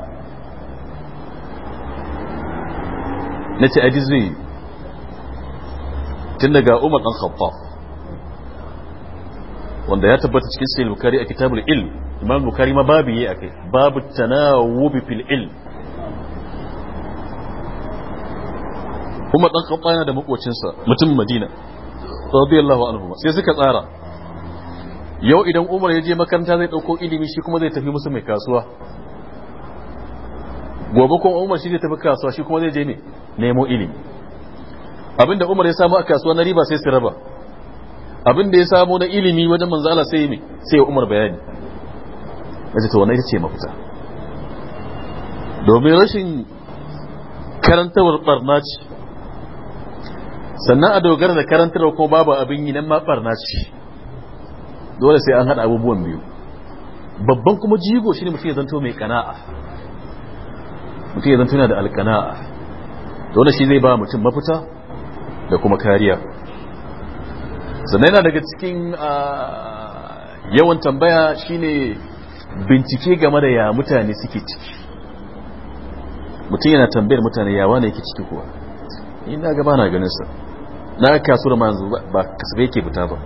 na ce adi zai tun daga umar dan khattab wanda ya tabbata cikin sayi bukari a kitabul ilm imam bukari ma babu yi akai babu tanawubi fil ilm kuma dan kafa yana da makocinsa mutum madina radiyallahu anhu sai suka tsara yau idan umar ya je makaranta zai dauko ilimi shi kuma zai tafi musu mai kasuwa gobe kuma umar shi zai tafi kasuwa shi kuma zai je ne nemo ilimi abinda umar ya samu a kasuwa na riba sai su raba abinda ya samu na ilimi wajen manzala sai mai sai umar bayani yanzu to wannan ita ce mafita domin rashin karantawar barna ce sannan a dogara da karantarwa ko babu abin yi nan ma barna ce dole sai an haɗa abubuwan biyu babban kuma jigo shine mutum ya zanto mai kana'a mutum ya zanto yana da alkana'a dole shi zai ba mutum mafita da kuma kariya sannan yana daga cikin ah, yawan tambaya shine bincike game da ya mutane suke ciki mutum yana tambayar mutane yawa ne yake ciki kuwa ina gaba na ganin sa na kasuwar ma yanzu ba kasafe yake fita ba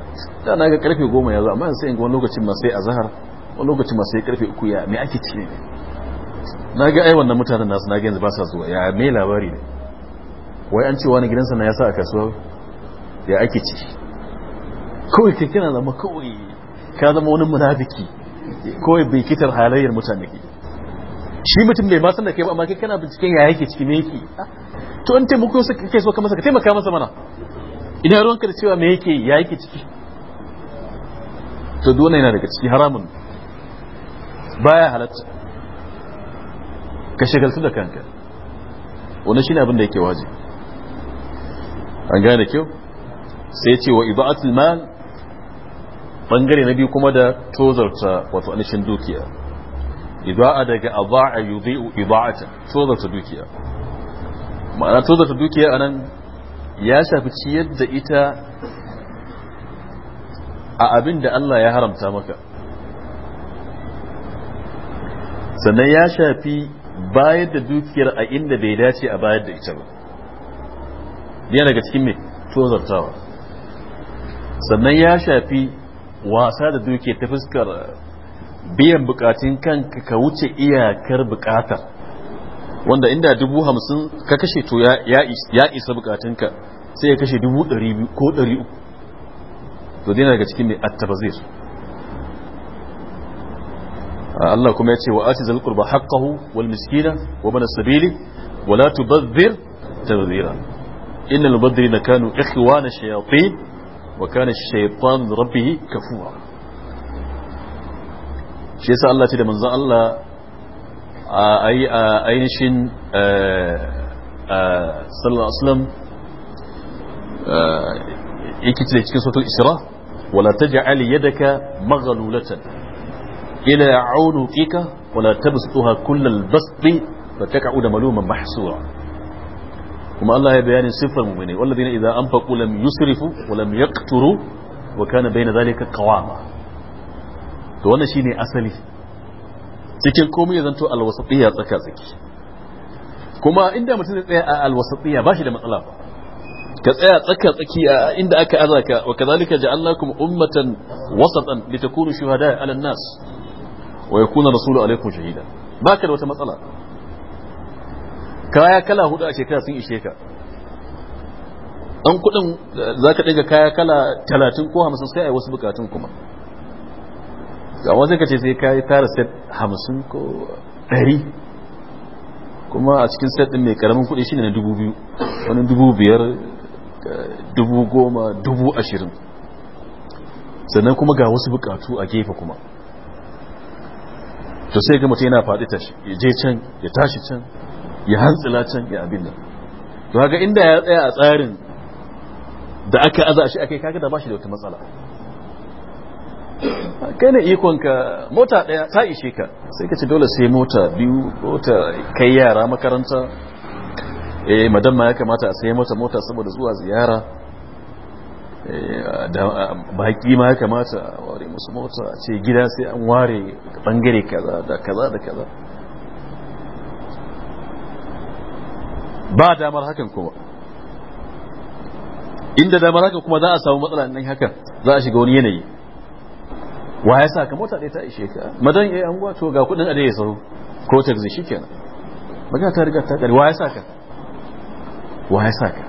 da na ga karfe goma yanzu amma sai in wani lokacin masu sai a zahar wani lokacin masu sai karfe uku ya mai ake ciki ne na ga ai wannan mutanen nasu na ga yanzu ba sa zuwa ya mai labari ne wai an ce wani gidansa na ya sa a kasuwa ya ake ciki kawai kai kana zama kawai ka zama wani munafiki kawai bikitar halayyar mutane ke shi mutum bai masan da kai ba amma kai kana binciken ya yake ciki me yake ah, to an taimako su kake so ka masa ka taimaka masa mana ina ruwanka da cewa me yake ya yake ciki to dole yana daga ciki haramun baya halatta ka shagaltu da kanka wani shine abin da yake waje an gane kyau sai ce wa ibatul mal bangare na biyu kuma da tozarta wato anishin dukiya ida'a daga aba'a yudhi'u ida'atan tozarta dukiya ma'ana tozarta dukiya anan ya shafi ciyar da ita a abin da Allah ya haramta maka sannan ya shafi bayar da dukiyar a inda bai dace a bayar da ita ba yana daga cikin mai tozartawa sannan ya shafi wasa da duke ta fuskar biyan bukatun kanka ka wuce iyakar bukatar wanda inda dubu hamsin ka kashe to ya isa bukatunka sai ya kashe dubu ɗari biyu ko ɗari uku to dina daga cikin mai attabazir Allah kuma ya ce wa ati zal qurba haqqahu wal miskina wa bana sabili wa la tubazzir tabzira innal mubazzirina kanu ikhwana shayatin وكان الشيطان ربه كفورا shi yasa Allah ce da manzon Allah a ainihin sallallahu aslam yake ce cikin sautul isra wala taj'al yadaka maghlulatan ila unuqika wala tabsutuha kullal basti fatak'uda maluman mahsura كما الله يبياني صفة المؤمنين والذين إذا أنفقوا لم يسرفوا ولم يقتروا وكان بين ذلك قواما وانا شيني أسلي سيكين كومي إذن تو الوسطية تكاسك كما إندا مسلسية الوسطية باشي لما ألافا كسأيا تكاسك إندا أكا أذاك وكذلك جعلناكم أمة وسطا لتكونوا شهداء على الناس ويكون الرسول عليكم شهيدا ما كان وتمثلا kaya kala hudu a shekara sun ishe ka an kudin eh, za ka ɗaga kaya kala talatin ko hamsin sai a yi wasu bukatun kuma ga sai ka ce sai yi tara set hamsin ko ɗari kuma a cikin set ɗin mai karamin kuɗi ne na dubu biyu wani dubu biyar eh, dubu goma dubu ashirin sannan kuma ga wasu bukatu a gefe kuma to sai ga mutum yana faɗi tashi ya je can ya tashi can ya hantsila can ya abin nan to kaga inda ya tsaya a tsarin da aka aza shi akai kaga da ba shi da wata matsala kai ne ka mota daya ta ishe ka sai ka ce dole sai mota biyu mota kai yara makaranta eh madan ma ya kamata a sai mota mota saboda zuwa ziyara eh, da baki ma ya kamata a ware musu mota a ce gida sai an ware bangare kaza da kaza da kaza ba damar hakan kuma inda damar hakan kuma za a samu matsala nan hakan za a shiga wani yanayi wa ya sa ka mota ɗaya ta ishe ka madan yayi anguwa to ga kuɗin a ya sauro ko taxi shikenan magana ta riga ta ƙare wa ya sa ka wa ya sa ka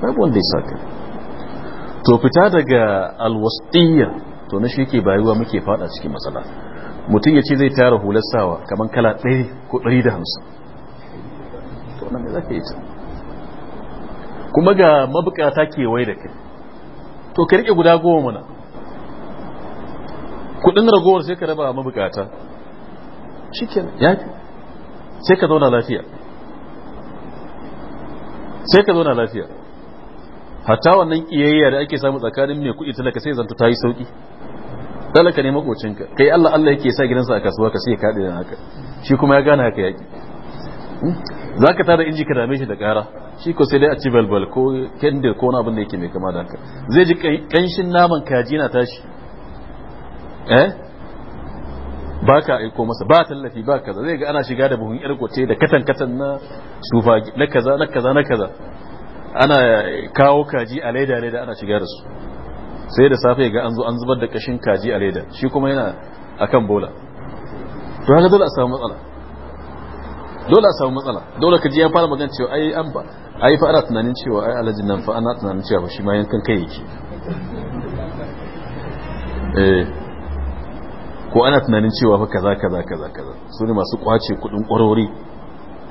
babu wanda ya sa ka to fita daga alwasiyya to na shi ke bayuwa muke fada cikin matsala mutum ya ce zai tara hular sawa kamar kala ɗaya ko ɗari da hamsin wannan me zaka yi ta kuma ga mabukata kewaye da kai to ka rike guda goma mana kudin ragowar sai ka raba mabukata ya yafi sai ka zauna lafiya sai ka zauna lafiya hatta wannan kiyayya da ake samu tsakanin mai kuɗi talaka sai zanta ta yi sauki talaka ne makocinka kai Allah Allah yake sa gidansa a kasuwa ka sai ka da haka shi kuma ya gane haka yaki za ka tara inji ka dame shi da ƙara shi ko sai dai a ci balbal ko kendir ko wani abin da yake mai kama da haka zai ji ƙanshin naman kaji na tashi eh ba ka aiko masa ba tallafi ba kaza zai ga ana shiga da buhun gote da katan katan na sufa na kaza na kaza na kaza ana kawo kaji a leda leda ana shiga da su sai da safe ga an zo an zubar da kashin kaji a leda shi kuma yana akan bola to haka dole a samu matsala dole a samu matsala dole ka ji ya fara magana cewa ai an ba ai fa ana tunanin cewa ai alhaji nan fa ana tunanin cewa ba shi ma yankan kai yake eh ko ana tunanin cewa fa kaza kaza kaza kaza su ne masu kwace kudin kwarori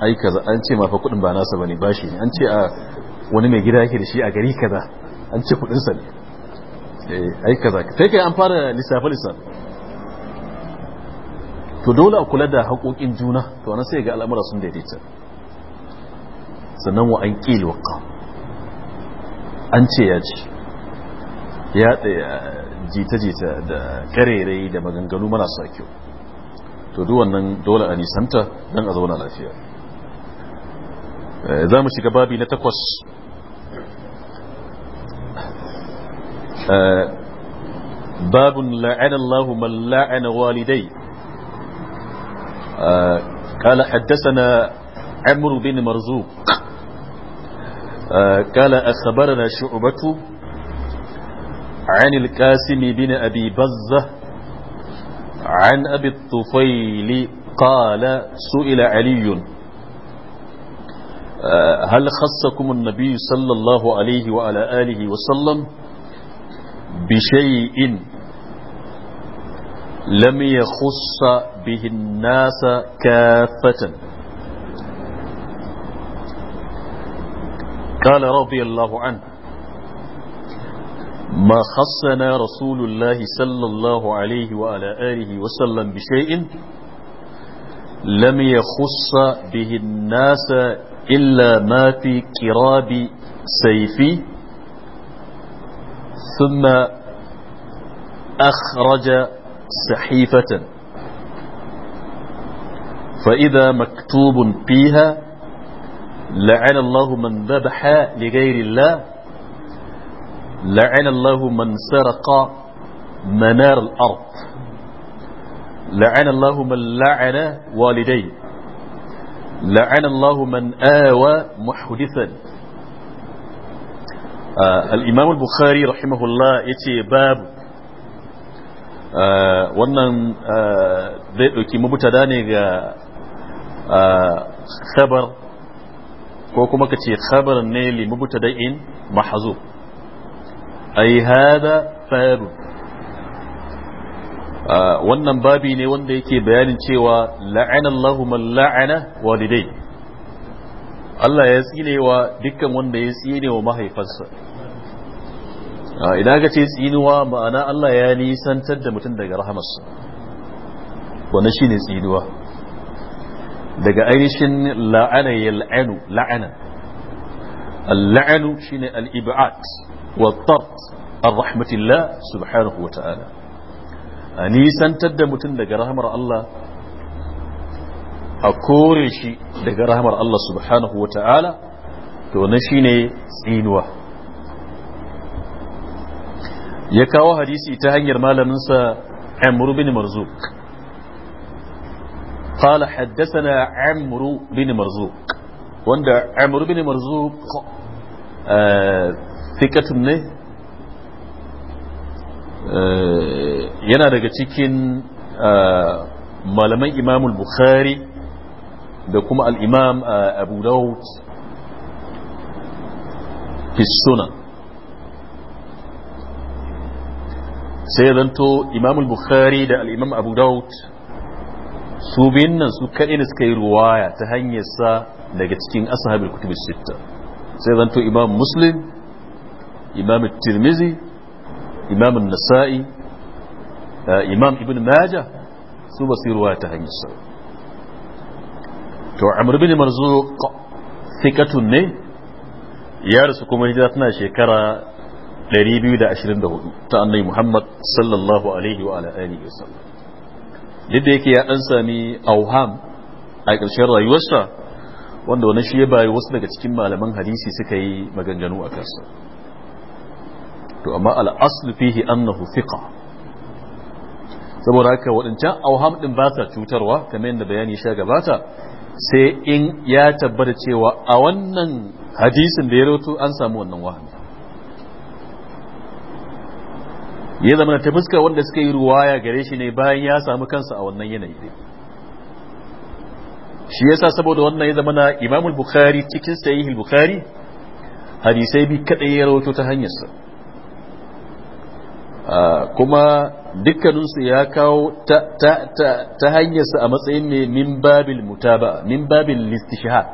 ai kaza an ce ma fa kudin ba nasa bane shi ne an ce a wani mai gida yake da shi a gari kaza an ce kudin sa ne eh ai kaza kai kai an fara lissafe lissafe to dole a kula da haƙoƙin juna to na sai ga al'amura sun daidaita sannan wa an ƙil waƙa an ce ya ce ya ɗaya jita-jita da karerai da maganganu marasa kyau to duk wannan dole a nisanta don a zauna lafiya eh, za mu shiga babi na takwas eh, babun la'anallahu man la'ana walidai آه، قال حدثنا عمرو بن مرزوق آه، قال أخبرنا شعبة عن القاسم بن أبي بزة عن أبي الطفيل قال سئل علي آه، هل خصكم النبي صلى الله عليه وعلى آله وسلم بشيء لم يخص به الناس كافة قال رضي الله عنه ما خصنا رسول الله صلى الله عليه وعلى آله وسلم بشيء لم يخص به الناس إلا ما في كراب سيفي ثم أخرج صحيفة فإذا مكتوب فيها لعن الله من ذبح لغير الله لعن الله من سرق منار الأرض لعن الله من لعن والديه لعن الله من آوى محدثا آه، الإمام البخاري رحمه الله يتي باب Eh, wannan eh, zai ɗauki mabutada ne ga sabar eh, ko kuma ka ce sabar ne li in mahzu ai hada faru wannan babi ne wanda yake bayanin cewa la'ana Allahu man la'ana walidai Allah ya tsine wa dukkan wanda ya tsine wa mahaifansa idan ka ce tsinuwa ma'ana Allah ya nisantar da mutum daga rahamarsa wannan shi ne tsinuwa daga ainihin la'ana ya la'anu la'ana la'anu shi ne al'ibat wa tart an rahmatillah subhanahu wa ta'ala a nisantar da mutum daga rahamar Allah a kore shi daga rahamar Allah subhanahu wa ta'ala to na shi ne tsinuwa ya kawo hadisi ta hanyar malaminsa amru bin marzuk قال حدثنا عمرو بن مرزوق وند عمرو بن مرزوق ثقة ne yana daga cikin malaman imamul bukhari da kuma al-Imam abu Dawud fi sunan sai zanto imamul bukhari da al abu daud su biyun nan su kaɗai ne suka yi ruwaya ta hanyarsa daga cikin ashabul kutub sitta sai zanto imam muslim imam tirmizi imam nasa'i eh, imam ibn majah su ba su yi ruwaya ta hanyarsa. to amr bin marzuq thiqatun ne ya rasu kuma hijira tana shekara 224 ta annai muhammad sallallahu alaihi wa alihi wa sallam duk da yake ya dan sami auham a ƙarshen rayuwarsa wanda wani shi ya bayi wasu daga cikin malaman hadisi suka yi maganganu a kansa to amma al'aslu fihi annahu thiqa saboda haka waɗancan auham ɗin ba sa cutarwa kamar yadda bayani sha gabata sai in ya tabbata cewa a wannan hadisin da ya rawato an samu wannan wahani ya zama ta fuskar wanda suka yi ruwaya gare shi ne bayan ya samu kansa a wannan yanayi shi yasa saboda wannan ya zama na imamul bukhari cikin sayihil bukhari hadisai bi kadai ya rawato ta hanyarsa kuma dukkaninsu ya kawo ta hanyarsa a matsayin ne min babil mutaba min babil listishahat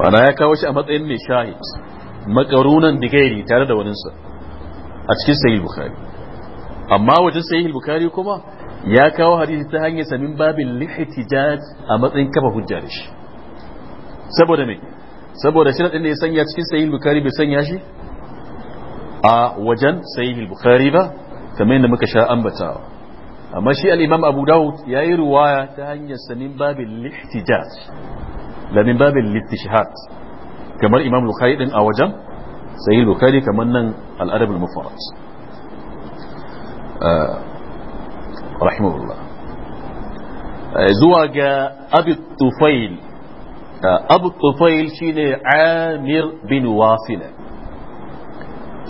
ma'ana ya kawo shi a matsayin ne shahid makarunan bigairi tare da waninsa a cikin sahih bukhari amma wajen sahih bukhari kuma ya kawo hadisi ta hanyar samin babin lihtijaj a matsayin kafa hujja da shi saboda me saboda shi da ya sanya cikin sahih bukhari bai sanya shi a wajen sahih bukhari ba kamar yadda muka sha ambatawa amma shi al-imam abu dawud yi riwaya ta hanyar samin babin lihtijaj Da min babin litishhat kamar imam bukhari din a wajen sahih bukhari kamar nan al-adab al-mufrad rahimahullah zuwa ga abu tufail abu tufail shine amir bin wasila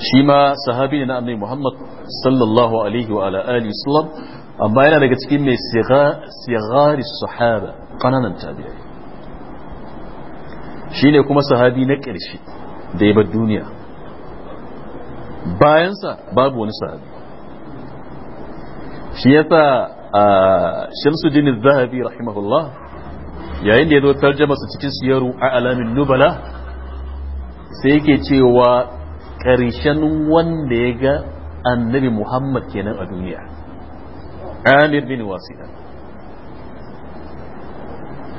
shi ma sahabi ne na annabi muhammad sallallahu alaihi wa ala alihi sallam amma yana daga cikin mai sigari sahaba kananan tabi'i shine kuma sahabi na ƙarshe da ya bar duniya bayansa babu wani sahabi shi yasa shamsuddin zahabi rahimahullah yayin da ya zo tarjama su cikin siyaru a alamin nubala sai yake cewa ƙarshen wanda ya ga annabi muhammad kenan a duniya amir bin wasila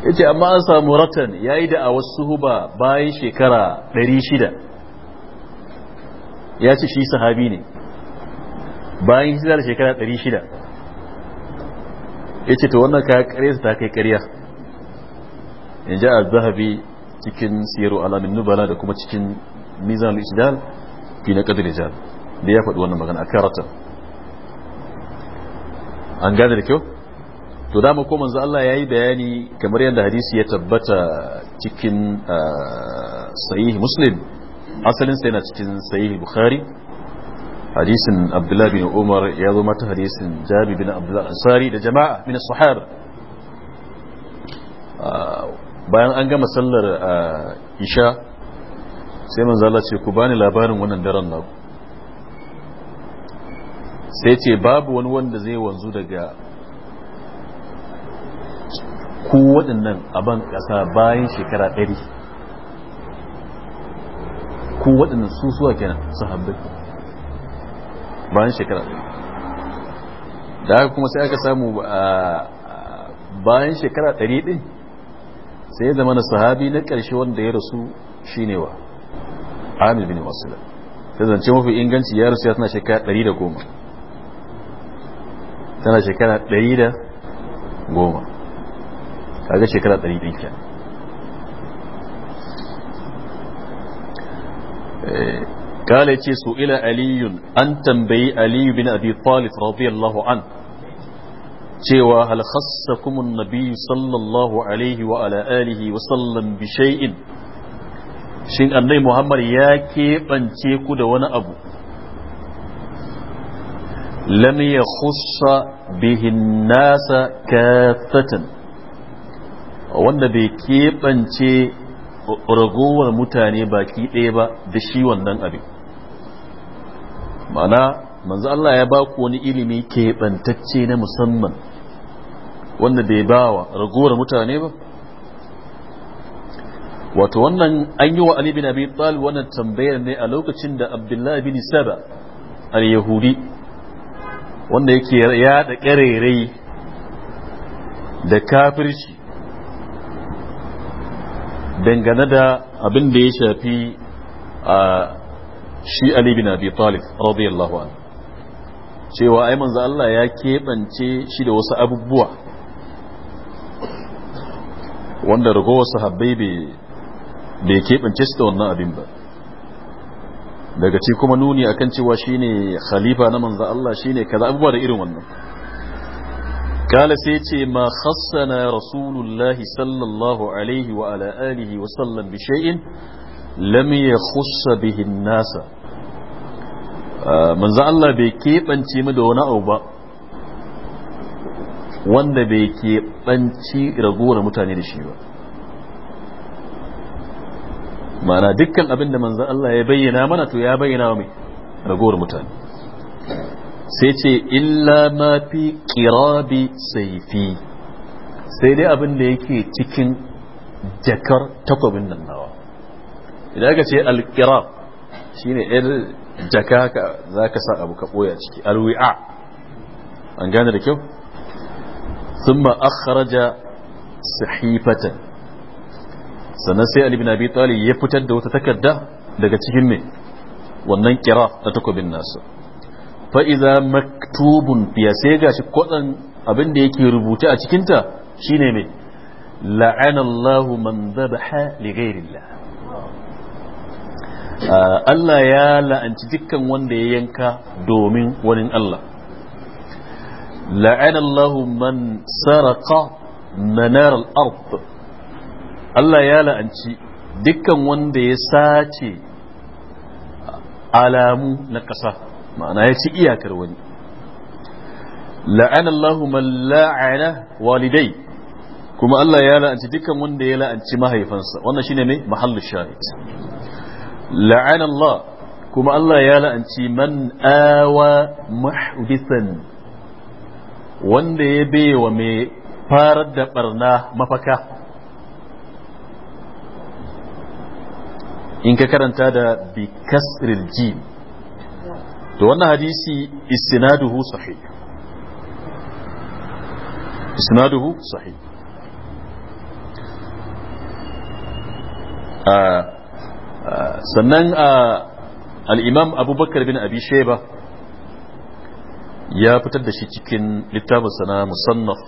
ya ce amma an samu ratan ya yi wasu suhuba bayan shekara 600 ya ce shi sahabi ne bayan shi da shekara 600 ya ce ta wannan kayan karyarsa ta kai karya in ji al-zahabi cikin siyaru alamin nubala da kuma cikin mizan al ijdal fi na kadir da ya faɗi wannan magana a karatan an gane da kyau to dama ko manzo Allah yayi bayani kamar yadda hadisi ya tabbata cikin ah, sahih muslim asalin sa yana cikin sahih bukhari hadisin abdullah bin umar ya zo mata hadisin jabi bin abdullah ansari da jama'a min as-sahar ah, bayan an gama sallar ah, isha sai manzo Allah ce ku bani labarin wannan daren naku sai ce babu wani wanda zai wanzu daga ku waɗannan a ban ƙasa bayan shekara ɗari ku waɗannan su suwa kenan su bayan shekara ɗari da haka kuma sai aka samu bayan shekara ɗari ɗin sai ya zama na sahabi na ƙarshe wanda ya rasu shine wa amir bin masula ta zance mafi inganci ya rasu ya tana shekara ɗari da goma tana shekara ɗari da goma kaga shekara 100 kenan eh, kala ce su ila aliyun an tambayi aliyu bin abi talib radiyallahu an cewa hal khassakum an-nabi sallallahu alaihi wa ala alihi wa sallam bi shay'in shin annai muhammad ya keɓance ku da wani abu lam yakhussa bihi an-nasa kaffatan wanda bai keɓance ragowar mutane baki ɗaya ba da shi wannan abin mana manzu Allah ya ba ku wani ilimi keɓantacce na musamman wanda bai ba wa ragowar mutane ba wato wannan an yi wa Ali bin Abi Talib wannan tambayar ne a lokacin da Abdullah bin Saba al-Yahudi wanda yake yada ƙarerai da kafirci dangane da abin da ya shafi a shi Ali bin Abi Talib radiyallahu anhu cewa ai manzo Allah ya keɓance shi da wasu abubuwa wanda ragowar sahabbai bai keɓance shi da wannan abin ba daga ci kuma nuni akan cewa shine khalifa na manzo Allah shine kaza abubuwa da irin wannan kala sai ce ma khassana rasulullahi sallallahu alaihi wa ala alihi wa sallam bi shay'in lam yakhussa bihi nasa ah, manzo Allah bai keɓance mu da wani ba wanda bai keɓanci ragowar mutane da shi ba mana dukkan abin da manzo Allah ya bayyana mana to ya bayyana wa mai ragowar mutane sai ce illa ma fi kirabi saifi sai dai abin da yake cikin jakar takobin nan nawa idan ka ce alkirab shine yar jaka ka za ka sa abu ka ciki alwi'a an gane da kyau sun ma sahifatan sannan sai ali bin abi talib ya fitar da wata takarda daga cikin mai wannan kira ta takwabin nasu fa'iza maktubun fiya sai gashi kwatsan abin da yake rubuta a cikinta shine mai la'anallahu man zabaha li ghairillah ah, Allah ya la'anci dukkan wanda ya yanka domin wani Allah la'anallahu man saraka manar al-ard Allah ya la'anci dukkan wanda ya sace alamu na ƙasa ma'ana ya ci iyakar wani la'ana Allahu man la'ana walidai kuma Allah ya la'anci dukkan wanda ya la'anci mahaifansa wannan shine ne mahallu shahid la'ana Allah kuma Allah ya la'anci man awa muhdithan wanda ya baiwa mai farar da barna mafaka in ka karanta da bi jim to wannan hadisi istinaduhu sahih istinaduhu sahih ah, ah, sannan ah, al'imam abubakar bin abi sheba ya fitar da shi cikin littafinsa na musannaf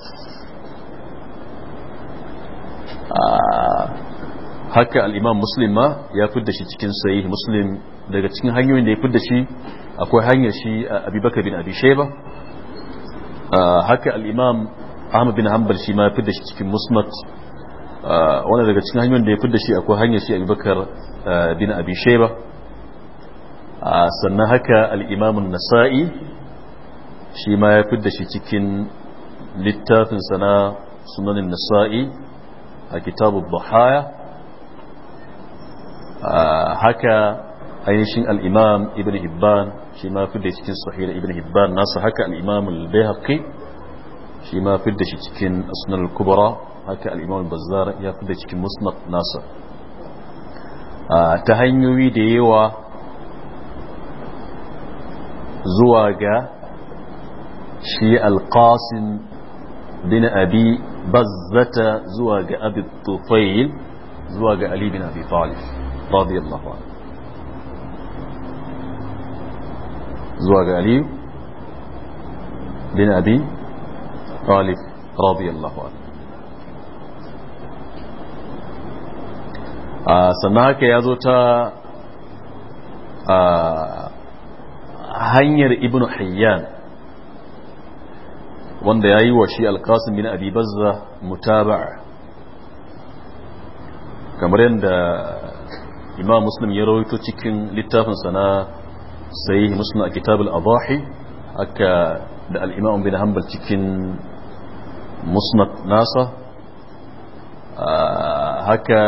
haka al'imam muslim ma ya fitar da shi cikin sahih muslim daga cikin hanyoyin da ya fitar da shi akwai hanyar shi uh, abubakar bin abi shaiba uh, haka al'imam ahmad bin hanbal shi ma fidda shi cikin musmat uh, wanda daga cikin hanyoyin da ya fidda shi akwai hanyar shi abubakar bin abi shaiba sannan haka al'imamun nasa'i shi ma ya fidda shi cikin littafin sana sunanin nasa'i a kitabun bahaya haka ainihin al'imam ibn hibban shi ma fidda cikin sahih ibn hibban nasu haka al-imam al-bayhaqi shi ma fidda shi cikin asnan al-kubra haka al-imam al-bazzar ya fidda cikin musnad nasa ta hanyoyi da yawa zuwa ga shi al-qasim bin abi bazzata zuwa ga abi tufail zuwa ga ali bin abi talib radiyallahu anhu zuwa ga aliyu bin abi talib radiyallahu anhu sannan haka ya zo ta hanyar ibn hayyan wanda ya yi wa shi alkasin bin abi bazza mutaba'a kamar yadda imam muslim ya rawaito cikin littafinsa na sai musna kitab al-adahi aka da al-imam bin hanbal cikin musnad nasa haka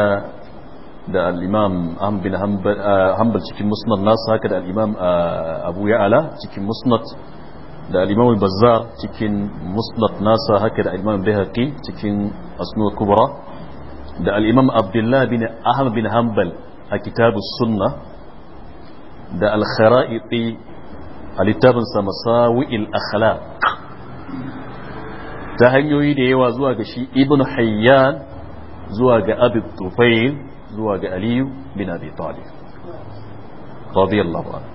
da al-imam ahmad bin hanbal cikin musnad nasa haka da al-imam abu ya'ala cikin musnad da al-imam al-bazzar cikin musnad nasa haka da al-imam bihaqi cikin asnad kubra da al-imam abdullah bin ahmad bin hanbal a kitab as-sunnah da alkhara'iti a littafinsa masawi'il akhlaq ta hanyoyi da yawa zuwa ga shi ibn hayyan zuwa ga abid tufail zuwa ga aliyu bin abi talib radiyallahu anhu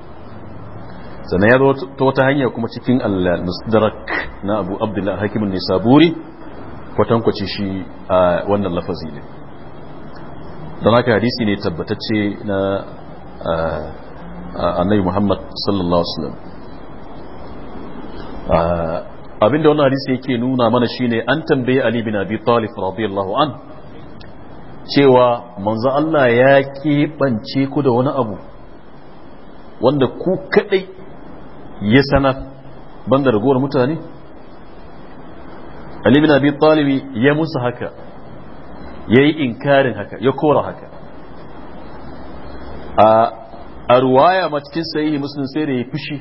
sannan ya zo ta wata hanya kuma cikin al-musdarak na abu abdullahi hakimin nisaburi kwatankwace shi a wannan lafazi ne don haka hadisi ne tabbatacce na annabi muhammad sallallahu alaihi wasallam abinda wannan hadisi yake nuna mana shine an tambaye ali bin abi talib radiyallahu an cewa manzo Allah ya keɓance ku da wani abu wanda ku kadai ya sanar banda ragowar mutane Ali bin Abi Talibi ya musu haka ya yi inkarin haka ya kora haka a ruwaya ma cikin sayi muslim sai da ya fushi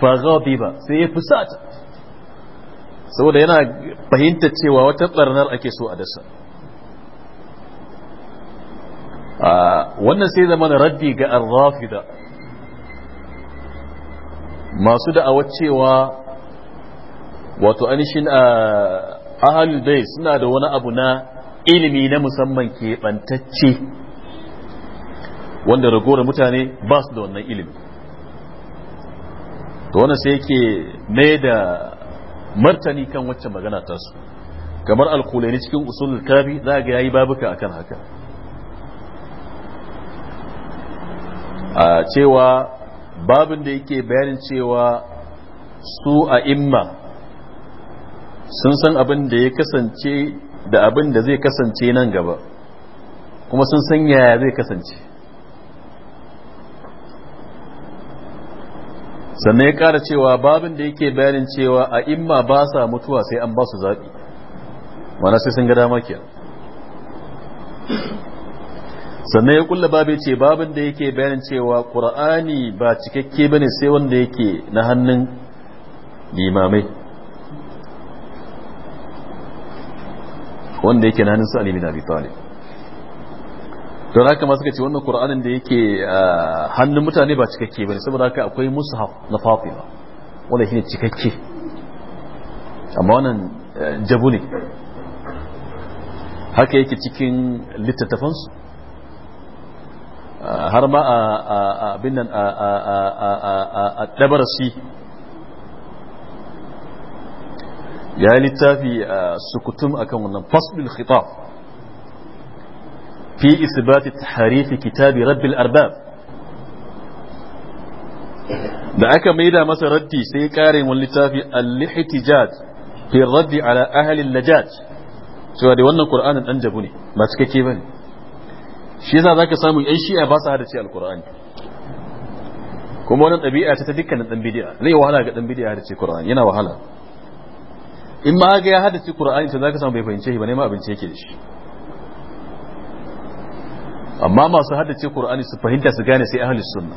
fa ba sai ya fusata saboda yana fahimta cewa wata barnar ake so a dasa wannan sai zama na raddi ga arrafida masu da'awar cewa wato anishin a ahalul bai suna da wani abu na ilimi na musamman keɓantacce wanda ragowar mutane ba su da wannan ilimi to wannan sai yake mai da martani kan wacce magana ta su kamar alkulani cikin usulul kafi za ga yayi babuka akan haka a cewa babin da yake bayanin cewa su a imma sun san abin da ya kasance da abin da zai kasance nan gaba kuma sun san yaya zai kasance sannan ya kara cewa babin da yake bayanin cewa a imma ba sa mutuwa sai an ba su zaɓi mana sai sun ga dama sannan ya kulla babu ce babin da yake bayanin cewa ƙura'ani ba cikakke bane sai wanda yake na hannun limamai wanda yake na hannun su alimin abi talib don haka ma suka ce wannan qur'anin da yake ah, hannun mutane ba cikakke bane saboda haka akwai mushaf na fatima wanda shine cikakke amma wannan eh, jabu ne haka yake cikin littattafansu ah, har ma a ah, abin nan a dabarasi ya yi littafi a sukutum akan wannan fasdul khitab fi isbati tahrifi kitabi rabbil arbab da aka maida masa raddi sai kare wani littafi al-ihtijaj fi raddi ala ahli al-lajaj cewa da wannan qur'anin dan jabu ne ba cikakke bane shi yasa zaka samu yan shi'a ba su hadace al-qur'ani kuma wannan ɗabi'a ta ta dukkanin ɗan bidi'a zai wahala ga ɗan bidi'a hadace qur'ani yana wahala in ma ga ya hadace qur'ani to zaka samu bai fahimce shi ba ne ma abinci yake da shi amma masu haddace qur'ani su fahimta su gane sai ahlus sunna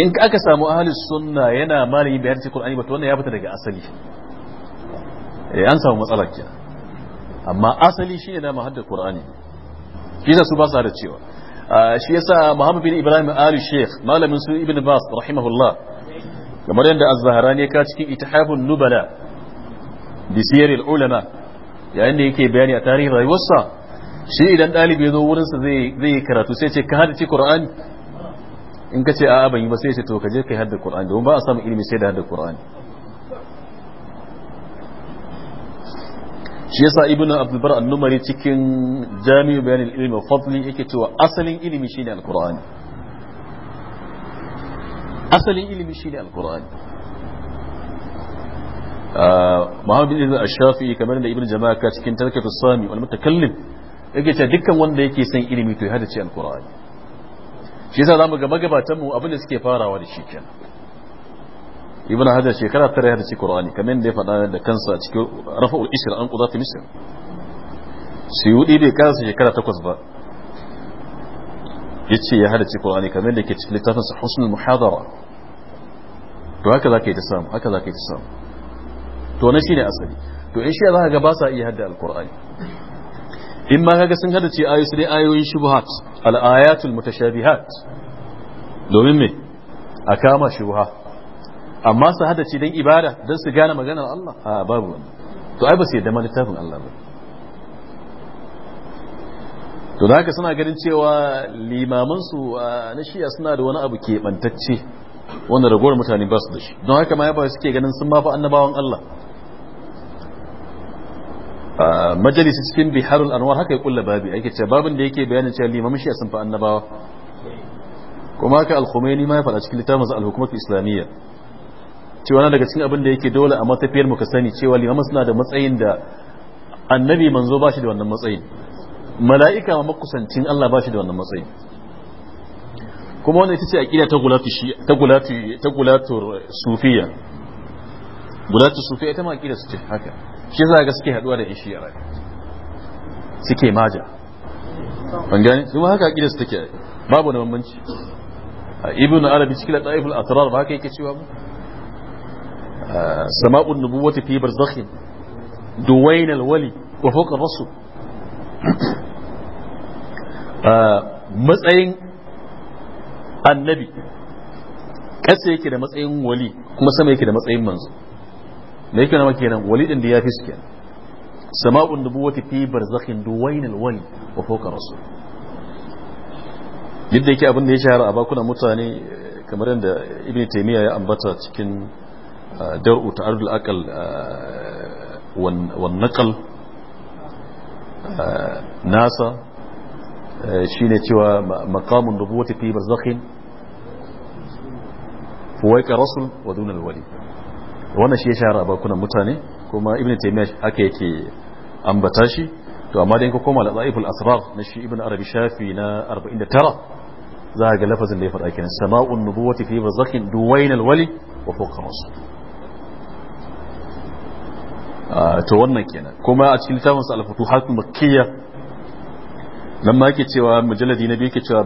in aka samu ahlus sunna yana malayin bai haddace qur'ani ba to wannan ya fita daga asali eh an samu matsalar kenan amma asali shine na mahadda qur'ani shi yasa su ba su haddacewa ah, shi yasa muhammad bin ibrahim ali sheikh malamin su ibn bas rahimahullah kamar yadda az-zahrani ya ka cikin itihafun nubala bi siyaril ulama yayin da yake bayani a tarihin rayuwarsa shi idan ɗalibi ya zo wurinsa zai yi karatu sai ce ka haddace qur'ani in ka ce a'a ban yi ba sai ce to ka je kai haddace qur'ani domin ba a samu ilimi sai da haddace qur'ani shi yasa ibn abdul bar an-numari cikin jami'u bayanin ilmi fadli yake cewa asalin ilimi shine al-qur'ani asalin ilimi shine al-qur'ani ah, Muhammad bin Izan Ash-Shafi'i kamar da Ibn Jama'a cikin tarkatu Sami wal mutakallim yake cewa dukkan wanda yake son ilimi to ya hada ce alkur'ani shi yasa zamu ga magabatan mu abin da suke farawa da shi kenan ibn hajar shekara tara ya hadace qur'ani kamar da ya faɗa da kansa a cikin rafa'ul ishr an qudat misr suyudi bai kansa shekara takwas ba yace ya hadace qur'ani kamar da yake cikin littafin sa husnul muhadara to haka zaka yi ta samu haka zaka yi ta samu to na shine asali to in shi za ka ga ba sa iya hadda alqur'ani in ma kaga sun hada ce ayoyi sai ayoyin shubuhat al ayatul mutashabihat domin me a kama shubuha amma su hada ce dan ibada dan su gane maganar Allah a babu wani to ai ba su yadda ma littafin Allah ba to da haka suna ganin cewa limamansu na shiya suna da wani abu keɓantacce wanda ragowar mutane ba su da shi don haka ma ya ba suke ganin sun mafi annabawan Allah majalisi cikin biharul anwar haka ya kulla babi ake ce babin da yake bayanin cewa limamin shi sun fa annabawa kuma haka al-khumaini ma ya faɗa cikin littafin al-hukumatu islamiyya cewa na daga cikin abin da yake dole a matafiyar mu ka sani cewa limamin suna da matsayin da annabi manzo ba shi da wannan matsayin mala'ika ma makusancin Allah ba shi da wannan matsayin kuma wannan ita ce aqida ta gulatu shi ta gulatu ta gulatu sufiya gulatu sufiya ita ma aqida su ce haka shi za ga suke haduwa da ishi a rai suke maja ban gane su ma haka akidar su take babu na bambanci ibnu arabi cikin al asrar ba haka yake cewa ba sama'un nubuwati fi barzakhin duwain al-wali wa fuq ar-rasul matsayin annabi kasa yake da matsayin wali kuma sama yake da matsayin manzo me yake nama kenan walidin da ya fi suke sama'un nubuwati fi barzakhin duwainal wali wa fawqa rasul yadda yake abin da ya shahara a bakunan mutane kamar yadda ibn taymiya ya ambata cikin uh, dar'u ta'arudul aqal uh, wan naqal uh, nasa shine cewa maqamun nubuwati fi barzakhin fuwaika rasul wa dunal wali wannan shi ya shahara a bakunan mutane kuma ibn taymiyyah haka yake ambata shi to amma dai ka koma da dhaiful asrar na shi ibn arabi shafi na 49 za ga lafazin da ya fada kenan sama'un nubuwati fi bazakhin duwainal wali wa fawqa rasul to wannan kenan kuma a cikin tafsirin sa al-futuhat makkiyya lamma yake cewa mujalladi na biyu yake cewa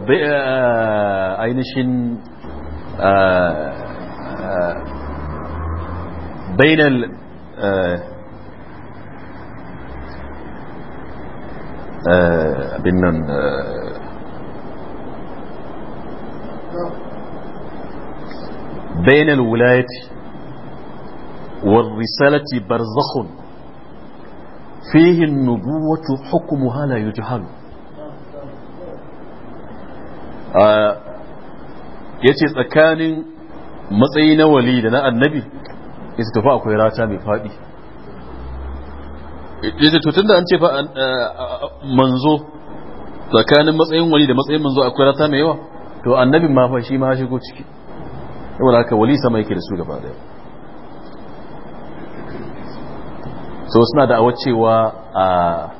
ainihin بين ال آه، آه، بين آه، بين الولاية والرسالة برزخ فيه النبوة حكمها لا يجهل yace tsakanin matsayi na wali isa tafi akwai rata mai faɗi yace to tunda an ce fa manzo tsakanin matsayin wali da matsayin manzo akwai rata mai yawa to annabin ma fa shi ma shigo ciki saboda haka wali sama yake da su gaba daya so suna da awa cewa a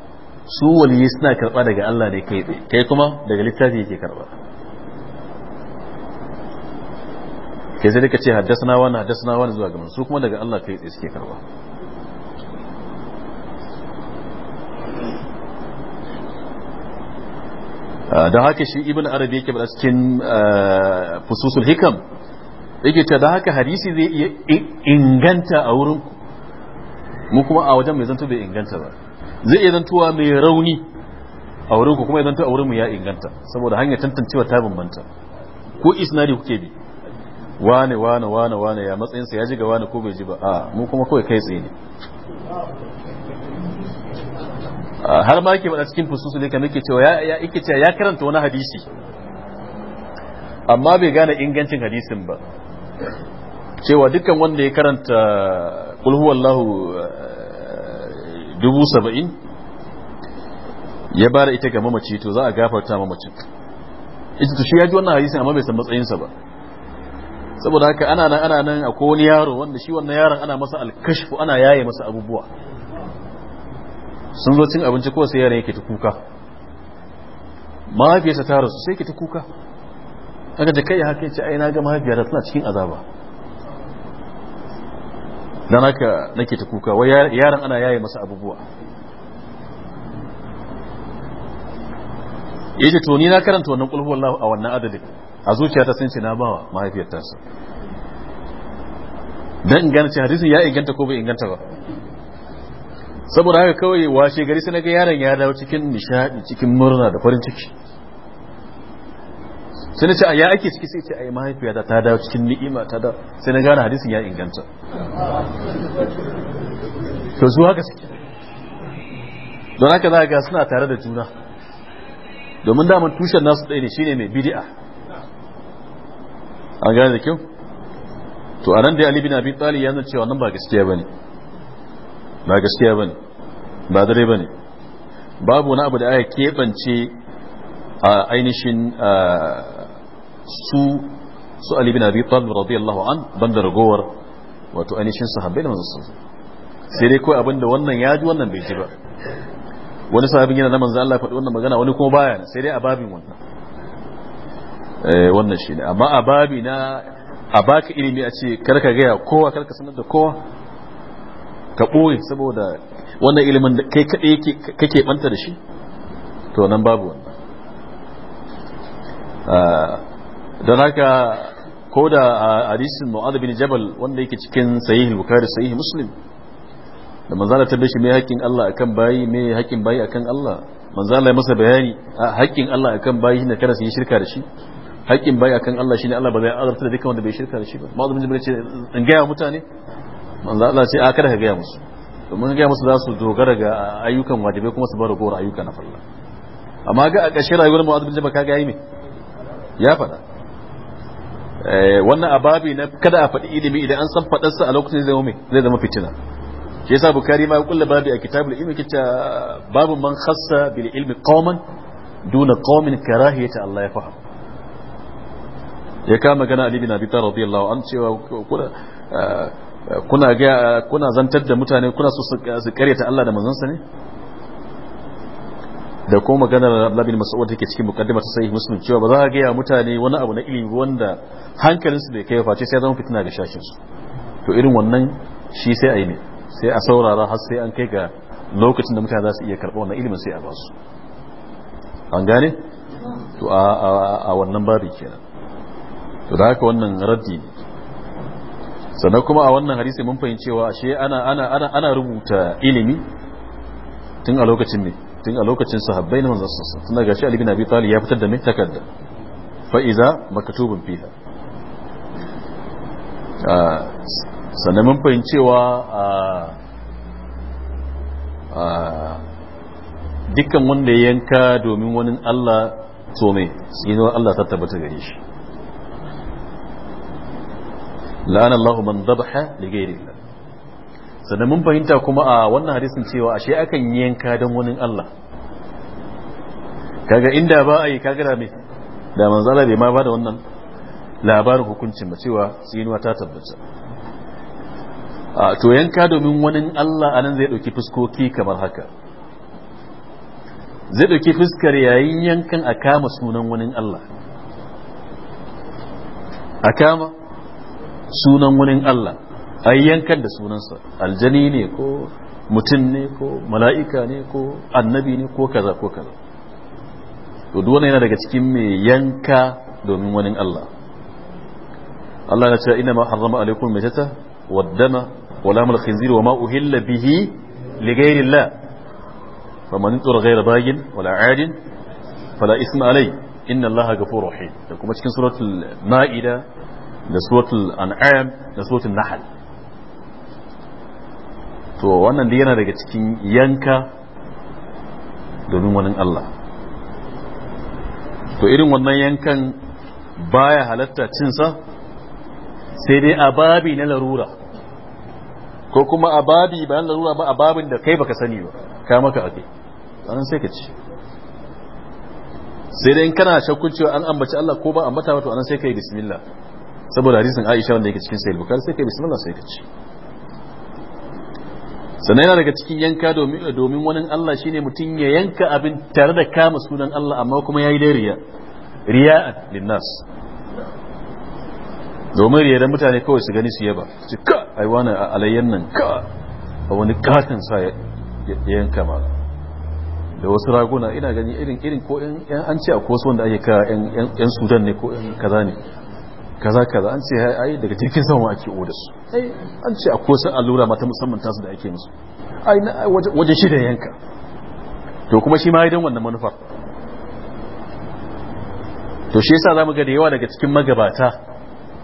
su wali suna karba daga Allah ne kai kai kuma daga littafi yake karba kai sai da ce haddasa wani haddasa wani zuwa gaban su kuma daga Allah kai tsaye suke karba ah, da haka shi ibn arabi yake bada cikin ah, fususul hikam yake ce da haka hadisi zai iya inganta a wurin mu kuma a wajen mai zanto bai inganta ba zai iya zantuwa mai rauni a wurin ku kuma ya zanto a wurin mu ya inganta saboda hanyar tantancewa ta bambanta ko isnadi kuke bi wane wane wane wane ya matsayinsa ya ji ga wane ko bai ji ba a mu kuma kawai kai tsaye ne har ma yake bada cikin fususu ne kan yake cewa ya yake cewa ya karanta wani hadisi amma bai gane ingancin hadisin ba cewa dukkan wanda ya karanta qul huwallahu eh, dubu saba'in ya bada ita ga mamaci to za a gafarta mamacin ita to shi ya ji wannan hadisin amma bai san matsayinsa ba saboda haka ana nan ana nan a wani yaro wanda shi wannan yaron ana masa alkashfu ana yaye masa abubuwa sun zo cin abinci ko sai yaron yake ta kuka mahaifiyarsa ta rasu sai yake ta kuka aka da kai haka yace ai na ga mahaifiyarsa tana cikin azaba dan haka nake ta kuka wai yaron ana yaye masa abubuwa yace to ni na karanta wannan kulhu wallahu a wannan adadin a ta sun ce na bawa mahaifiyar tasa dan inganta ce hadisin ya inganta ko bai inganta ba saboda haka kawai washe gari sai ga yaron ya dawo cikin nishadi cikin murna da farin ciki sai ce a ya ake ciki sai ce a yi mahaifiyata ta dawo cikin ni'ima ta dawo sai na gane hadisin ya inganta to zuwa haka suke don haka za ga suna tare da juna domin daman tushen nasu ɗaya ne shine mai bidi'a an gane da kyau to anan dai ali bin abi talib ya cewa nan ba gaskiya bane ba gaskiya bane ba dare bane babu wani abu da aka keɓance a ainihin su su ali bin abi talib radiyallahu an ban da ragowar wato ainihin sahabbai da manzon sallallahu sai dai kawai abinda wannan ya ji wannan bai ji ba wani sahabin yana na manzon Allah faɗi wannan magana wani kuma baya sai dai a babin wannan Eh, wannan shi ne amma a babi na a baka ilimi a ce karka gaya kowa karka sanar da kowa ka ɓoye saboda wannan ilimin da kai kaɗai kake ɓanta da shi to nan babu wannan ah, don haka ko da hadisin mu'adh bin jabal wanda yake cikin sahih bukhari sahih muslim da manzala ta bishi mai haƙƙin Allah akan bayi mai haƙƙin bayi akan Allah manzala ya masa bayani haƙƙin Allah akan bayi shine kada su yi shirka da shi haƙƙin baya akan Allah shine Allah ba zai azabta da dukkan wanda bai shirka da shi ba ma'azumin jibril ce in gaya mutane manzo Allah ce a kada ka gaya musu domin gaya musu za su dogara ga ayyukan wajibai kuma su bar gora ayyuka na farilla amma ga a ƙarshen rayuwar mu'azu bin jabal kaga yayi me ya faɗa eh, wannan ababi na kada a faɗi ilimi idan an san faɗarsa a lokacin zai zama zai zama fitina shi yasa bukari ma ya kulla babi a kitabul ilmi kita babu man khassa bil ilmi qauman duna qaumin karahiyata Allah ya fahimta ya kama gana Ali bin Abi Talib radiyallahu an cewa kuna eh, kuna ga kuna zantar da mutane kuna so su karyata Allah da sa ne da kuma magana Abdullah bin Mas'ud take cikin mukaddimar ta sahih Muslim cewa ba za ka ga mutane wani abu na ilimi wanda su bai kai face sai zama fitina ga shashin su to irin wannan shi sai a yi ne sai a saurara har sai an kai ga lokacin da mutane za su iya karɓa wannan ilimin sai a ba su an gane to a wannan babi kenan to da haka wannan raddi sannan kuma a wannan hadisi mun cewa ashe ana ana ana ana rubuta ilimi tun a lokacin ne tun a lokacin sahabbai na manzon sallallahu tun daga shi Ali Abi Talib ya fitar da mai takarda fa iza maktubun fiha ah, sannan mun cewa a ah, ah, dukkan wanda ya yanka domin wani Allah to mai tsinuwar Allah ta tabbata gare shi la'ana Allah man dhabaha li ghairi Allah sannan mun fahimta kuma a wannan hadisin cewa ashe akan yanka don wani Allah kaga inda ba a yi kaga da da manzala bai ma ba da wannan labarin hukuncin ba cewa tsinuwa ta tabbata a to yanka domin wani Allah anan zai dauki fuskoki kamar haka zai dauki fuskar yayin yankan a kama sunan wani Allah a kama sunan wurin Allah ai yankar da sunansa aljani ne ko mutum ne ko mala'ika ne ko annabi ne ko kaza ko kaza to duk yana daga cikin mai yanka domin wani Allah Allah ya ce ina ma harrama alaikum mitata waddama wala mal khinzir wa ma uhilla bihi li la. Allah faman tur ghayra bagin wala adin fala isma alai inna Allah ga rahim da kuma cikin suratul na'ida. da suratul an'am da suratul nahl to wannan da yana daga cikin yanka domin wani Allah to irin wannan yankan baya halatta cinsa sai dai a babi na larura ko kuma a babi ba na larura ba a babin da kai baka sani ba ka maka ake sannan sai ka ci sai dai kana shakkun cewa an ambaci Allah ko ba ambata ba to anan sai kai bismillah saboda hadisin Aisha wanda yake cikin Sahih Bukhari sai kai bismillah sai ka ci sannan yana daga cikin yanka domin domin wani Allah shine mutum ya yanka abin tare da kama sunan Allah amma kuma yayi da riya riya'at linnas domin riya dan mutane kawai su gani su yaba su ka ai wani alayyan nan ka a wani katin sa ya yanka ma da wasu raguna ina gani irin irin ko an ce a kosu wanda ake ka yan Sudan ne ko yan kaza ne kaza kaza an ce ai daga jirgin sama ake oda su ai an ce akwai san allura mata musamman tasu da ake musu ai waje da yanka to kuma shi ma idan wannan manufar to shi yasa zamu ga da yawa daga cikin magabata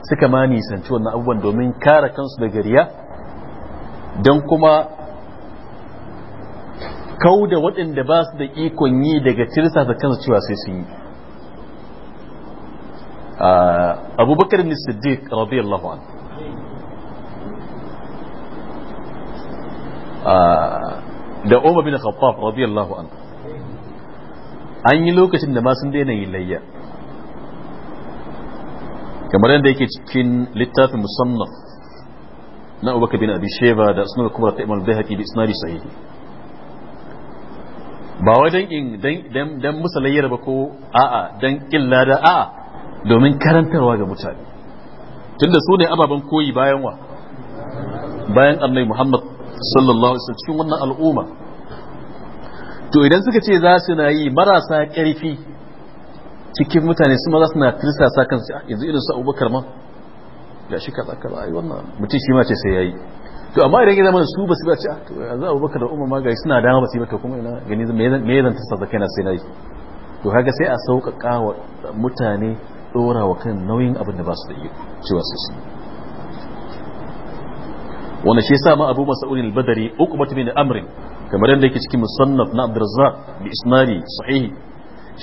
suka ma nisanci wannan abubuwan domin kare kansu daga riya don kuma kau da waɗanda ba su da ikon yi daga tirsasa kansu cewa sai sun yi abubakar ne siddiq radiyallahu an da umar bin khattab radiyallahu an an yi lokacin da ma sun daina yin layya kamar yadda yake cikin littafin musamman na abubakar bin abi sheba da sunan kubra ta imam bihaqi bi isnadi sahihi ba wai dan in dan dan musalayyar ba ko a'a dan kin lada a'a domin karantarwa ga mutane tunda su ne ababen koyi bayan wa bayan annai muhammad sallallahu alaihi wasallam cikin wannan al'umma to idan suka ce za su na yi marasa ƙarfi cikin mutane su maza suna tirsa sa kansu ah, yanzu irin su abubakar ma ga shi kaza kaza ai wannan mutum shi ma ce sai yayi to amma idan ya zama su ba su ba ci ah, to yanzu abubakar da umar ma ga suna dama ba su ba to kuma ina gani me zan me zan tasa da kaina sai nayi to kaga sai a sauƙaƙa wa mutane dora wa kan nauyin abin da ba su da iya cewa su shi wanda shi yasa ma Abu Mas'ud al-Badri uqbat bin Amr kamar yadda yake cikin musannaf na Abdurrazzaq bi isnari sahihi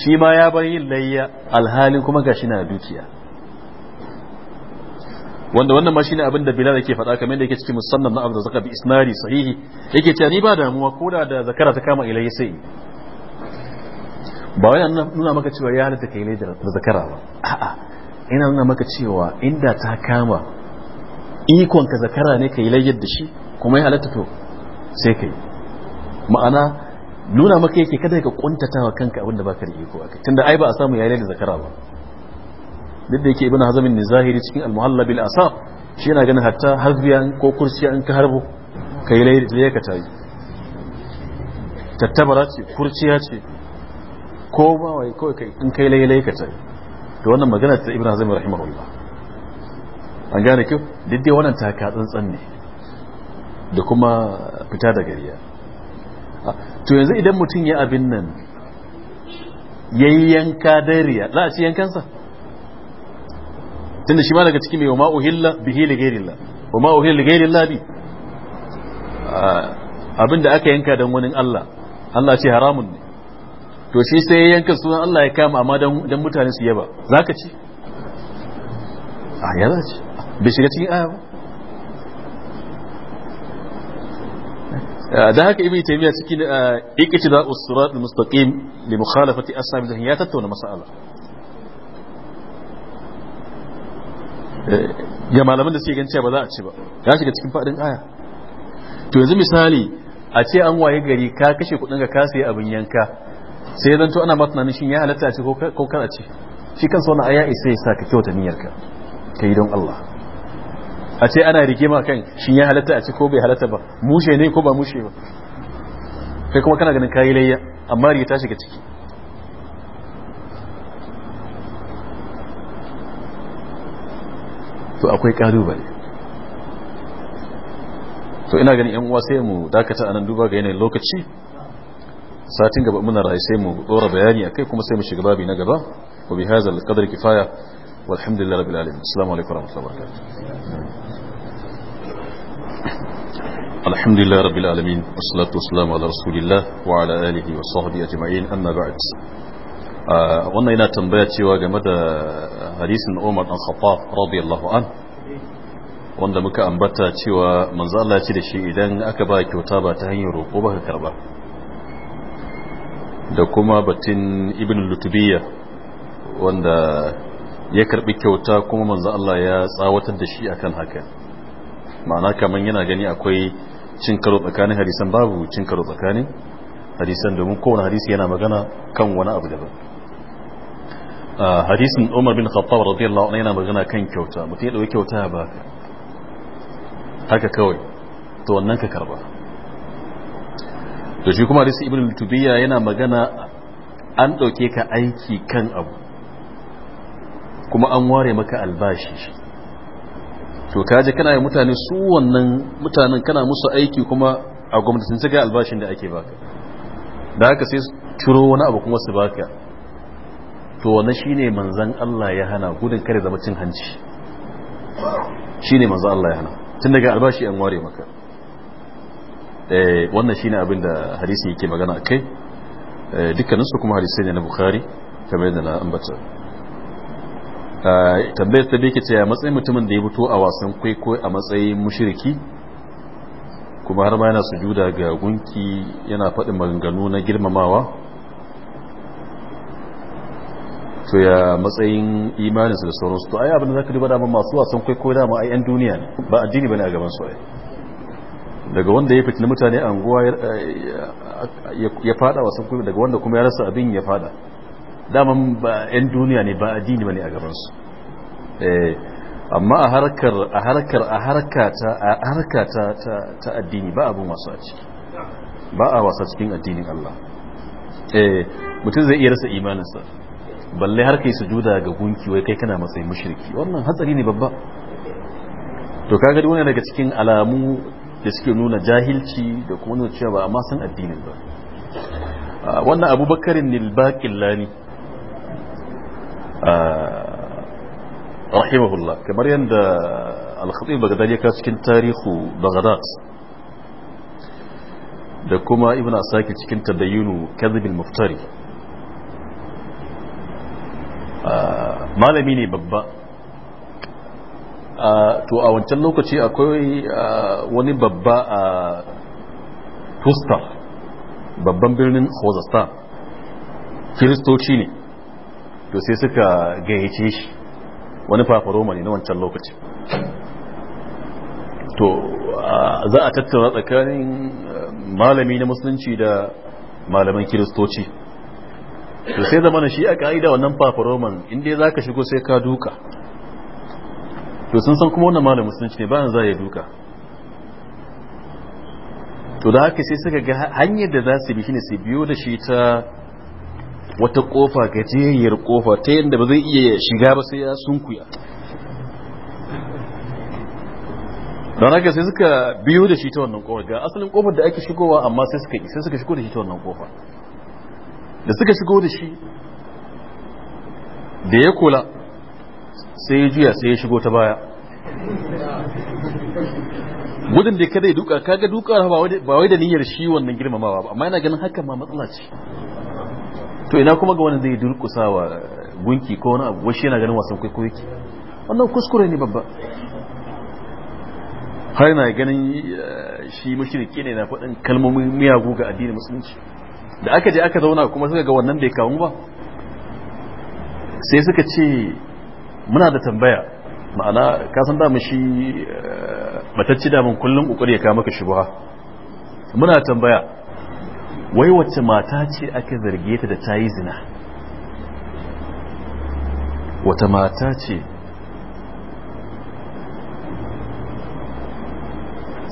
shi ma ya bar yin layya alhalin kuma gashi na dukiya wanda wannan ma shine abin da Bilal yake faɗa kamar yadda yake cikin musannaf na Abdurrazzaq bi isnari sahihi yake cewa ni ba damuwa ko da zakara ta kama ilayya sai ba wai nuna maka cewa ya ka kai ne da zakara ba a'a ina nuna maka cewa inda ta kama ikon ka zakara ne kai layyar da shi kuma ya halitta to sai kai ma'ana nuna maka yake kada ka kuntata wa kanka abin da baka da iko akai tunda ai ba a samu yayin da zakara ba duk da yake ibnu hazamin ne zahiri cikin al muhallab al asab shi yana ganin hatta harbiyan ko kursiya an ka harbo kai layyar da ka tayi tattabara ce kurciya ce ko ba wai kawai kai in kai lailai ka ce to wannan magana ta ibn hazm rahimahullah an gane kyau, duk dai wannan taka tsantsan ne da kuma fita da gariya to yanzu idan mutum ya abin nan yayi yanka dariya za a ci yankansa tunda shi ma daga cikin mai wa ma'uhilla bihi li ghairillah wa ma'uhilla li ghairillah bi ah, abin da aka yanka don wani Allah Allah ce haramun ne to shi sai ya yanka sunan Allah ya kama amma dan mutane su yaba zaka ci a ya za ci bai shiga cikin aya ba eh, da haka ibi taymiya cikin eh, da usurat mustaqim li mukhalafati ashabi zahir ya tattauna mas'ala ya eh, malaman da suke gance ba za a ci ba ya shiga cikin fadin aya to yanzu misali a ce an waye gari ka kashe kudin ka ka sayi abin yanka sai zan to ana ba tunanin shi ya halatta ce ko kar a ce shi kansa wani aya isa ya sa ka kyauta niyyarka ka yi don Allah a ce ana ma kan shi ya halatta ce ko bai halatta ba mushe ne ko ba mushe ba kai kuma kana ganin kayi layya amma rike ta shiga ciki to akwai kalubale to ina ganin yan uwa sai mu dakata anan duba ga yanayin lokaci satin gaba muna rayu sai mu dora bayani akai kuma sai mu shiga babi na gaba wa bi hadha al-qadri kifaya walhamdulillahi rabbil alamin assalamu alaikum warahmatullahi wabarakatuh alhamdulillahi rabbil alamin wassalatu wassalamu ala rasulillah wa ala alihi wa sahbihi ajma'in amma ba'd wannan yana tambaya cewa game da hadisin Umar dan Khattab radiyallahu an wanda muka ambata cewa manzo Allah ya ce da shi idan aka ba kyauta ba ta hanyar roƙo ba ka karba da kuma batun ibn lutubiya wanda ya karbi kyauta kuma manzo Allah ya tsawatar da shi akan haka ma'ana kaman yana gani akwai cin karo tsakanin hadisan babu cin karo tsakanin hadisan domin kowane hadisi yana magana kan wani abu daban hadisin Umar bin Khattab radiyallahu anhu yana magana kan kyauta mutum ya dauki kyauta ba haka kawai to wannan ka karba to shi kuma hadisi ibn lutubiya yana magana an ɗauke ka aiki kan abu kuma an ware maka albashi to kaje kana yi mutane su wannan mutanen kana musu aiki kuma a gwamnatin ta ga albashin da ake baka da haka sai turo wani abu kuma su baka to wannan shine manzon Allah ya hana gudun kare zama cin hanci shine manzon Allah ya hana tun daga albashi an ware maka Eh, wannan shine abin da hadisi yake magana kai eh, dukkanin kuma hadisi ne na bukhari kamar yadda na ambata eh, tambayar ta beke ce ya matsayin mutumin da ya fito a wasan kwaikwayo a matsayin mushiriki kuma har ma yana sujuda ga gunki yana faɗin maganganu na girmamawa to ya matsayin imanin su da sauransu to ai abin da zaka duba da masu wasan kwaikwayo da ma ai an duniya ne ba addini bane a gaban su ai daga wanda ya fitina mutane a anguwa ya fada wasu kuma daga wanda kuma ya rasa abin ya fada daman ba 'yan duniya ne ba addini ba ne a gabansu eh, amma a harkar a harkar a harkata a harkata ta addini ba abin wasu a ciki ba a wasa cikin addinin Allah eh, mutum zai iya rasa imaninsa balle har kai sujuda ga gunki wai kai kana matsayin mushriki wannan hatsari ne babba to kaga duk wani daga cikin alamu da suke nuna jahilci da kuma nuna cewa ba a masan addinin ba wannan abubakarin nilbaƙin lani rahimahullah kamar yadda alkhatib bagdad ya kawo cikin tarihu bagdad da kuma ibn Cikinta cikin tadayyunu kadhibul muftari malami ne babba to a wancan lokaci akwai wani babba a tustar babban birnin khuzastan kiristoci ne to sai suka gayyace shi wani fafaroma ne na wancan lokaci to za a tattauna tsakanin malami na musulunci da malaman kiristoci to sai zama shi a ka'ida wannan fafaroman inda za ka shigo sai ka duka to sun san kuma wannan malamin musulunci ne bayan za ya duka to da haka sai suka ga hanyar da za su bi shine su biyo da shi ta wata kofa gajeriyar kofa ta yadda ba zai iya shiga ba sai ya sunkuya don haka sai suka biyo da shi ta wannan kofar ga asalin kofar da ake shigowa amma sai suka sai suka shigo da shi ta wannan kofa da suka shigo da shi da ya kula sai ya juya sai ya shigo ta baya gudun da kada ya duka kaga duka ba wai da niyyar shi wannan girmamawa ba amma yana ganin hakan ma matsala ce to ina kuma ga wani zai durkusa wa gunki ko wani abu wasu yana ganin wasan kwaikwayo yake wannan kuskure ne babba har yana ganin eh, shi mushriki ne na faɗin kalmomin miyagu ga addinin musulunci da aka je aka zauna kuma suka ga wannan bai kawo ba sai suka ce muna da tambaya ma'ana kasan mu shi eh, matacci damun kullum ƙoƙari ya kawo maka shubuha muna tambaya wai wacce mata ce aka zarge ta da ta yi zina wata mata ce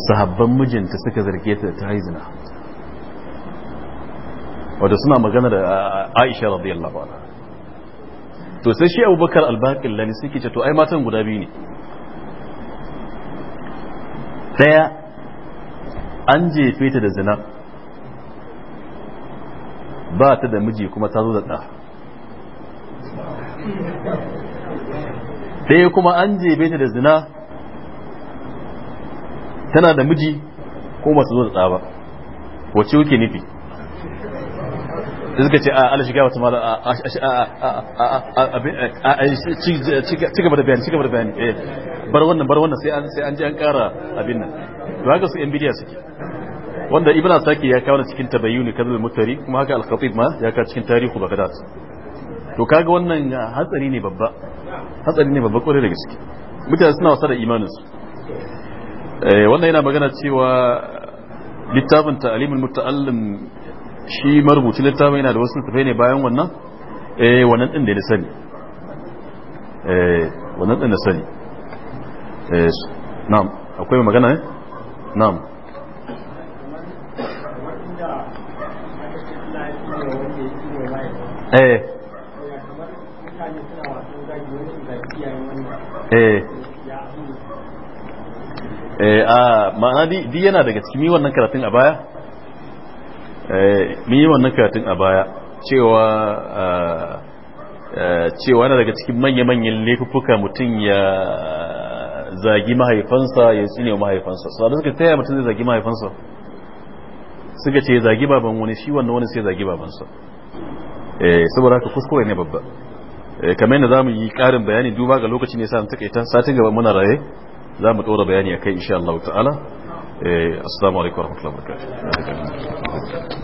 sahabban mijinta suka zarge ta da ta yi zina wadda suna magana da eh, aisha radiyallahu anha to sai shi abubakar albaƙin lani suke ce to ai matan guda biyu ne ɗaya an jefe ta da zina ba ta da miji kuma ta zo da ɗa ɗaya kuma an jefe ta da zina tana da miji kuma ba su zo da ɗa ba wacce wuke nufi da suka ce a ala shiga wata mala a a gaba da bayani ci gaba da bayani eh bar wannan bar wannan sai an sai an ji an kara abin nan to haka su yan suke wanda ibn asaki ya kawo cikin tabayyuni kadal mutari kuma haka al-khatib ma ya kawo cikin tarihu bagdad to kaga wannan hatsari ne babba hatsari ne babba kwarai da gaske mutane suna wasa da imaninsu wannan yana magana cewa littafin ta'alimul muta'allim shi marubuci littafin yana da wasu tafai ne bayan wannan eh wannan din da ya sani eh wannan din da sani eh na'am akwai magana ne na'am eh eh eh a ah, ma'ana di yana daga cikin wannan karatun a baya Eh, mun yi wannan karatun a baya cewa eh, eh, cewa na daga cikin manya-manyan laifuka mutum ya zagi mahaifansa ya tsine mahaifansa su da suka taya mutum zai zagi mahaifansa suka ce zagi baban wani shi wannan wani sai zagi babansa saboda haka kuskure ne babba kamar yadda za mu yi ƙarin bayani duba ga lokaci ne sa takaita satin gaba muna raye za mu ɗora bayani a kai insha Allah ta'ala assalamu alaikum warahmatullahi wabarakatuh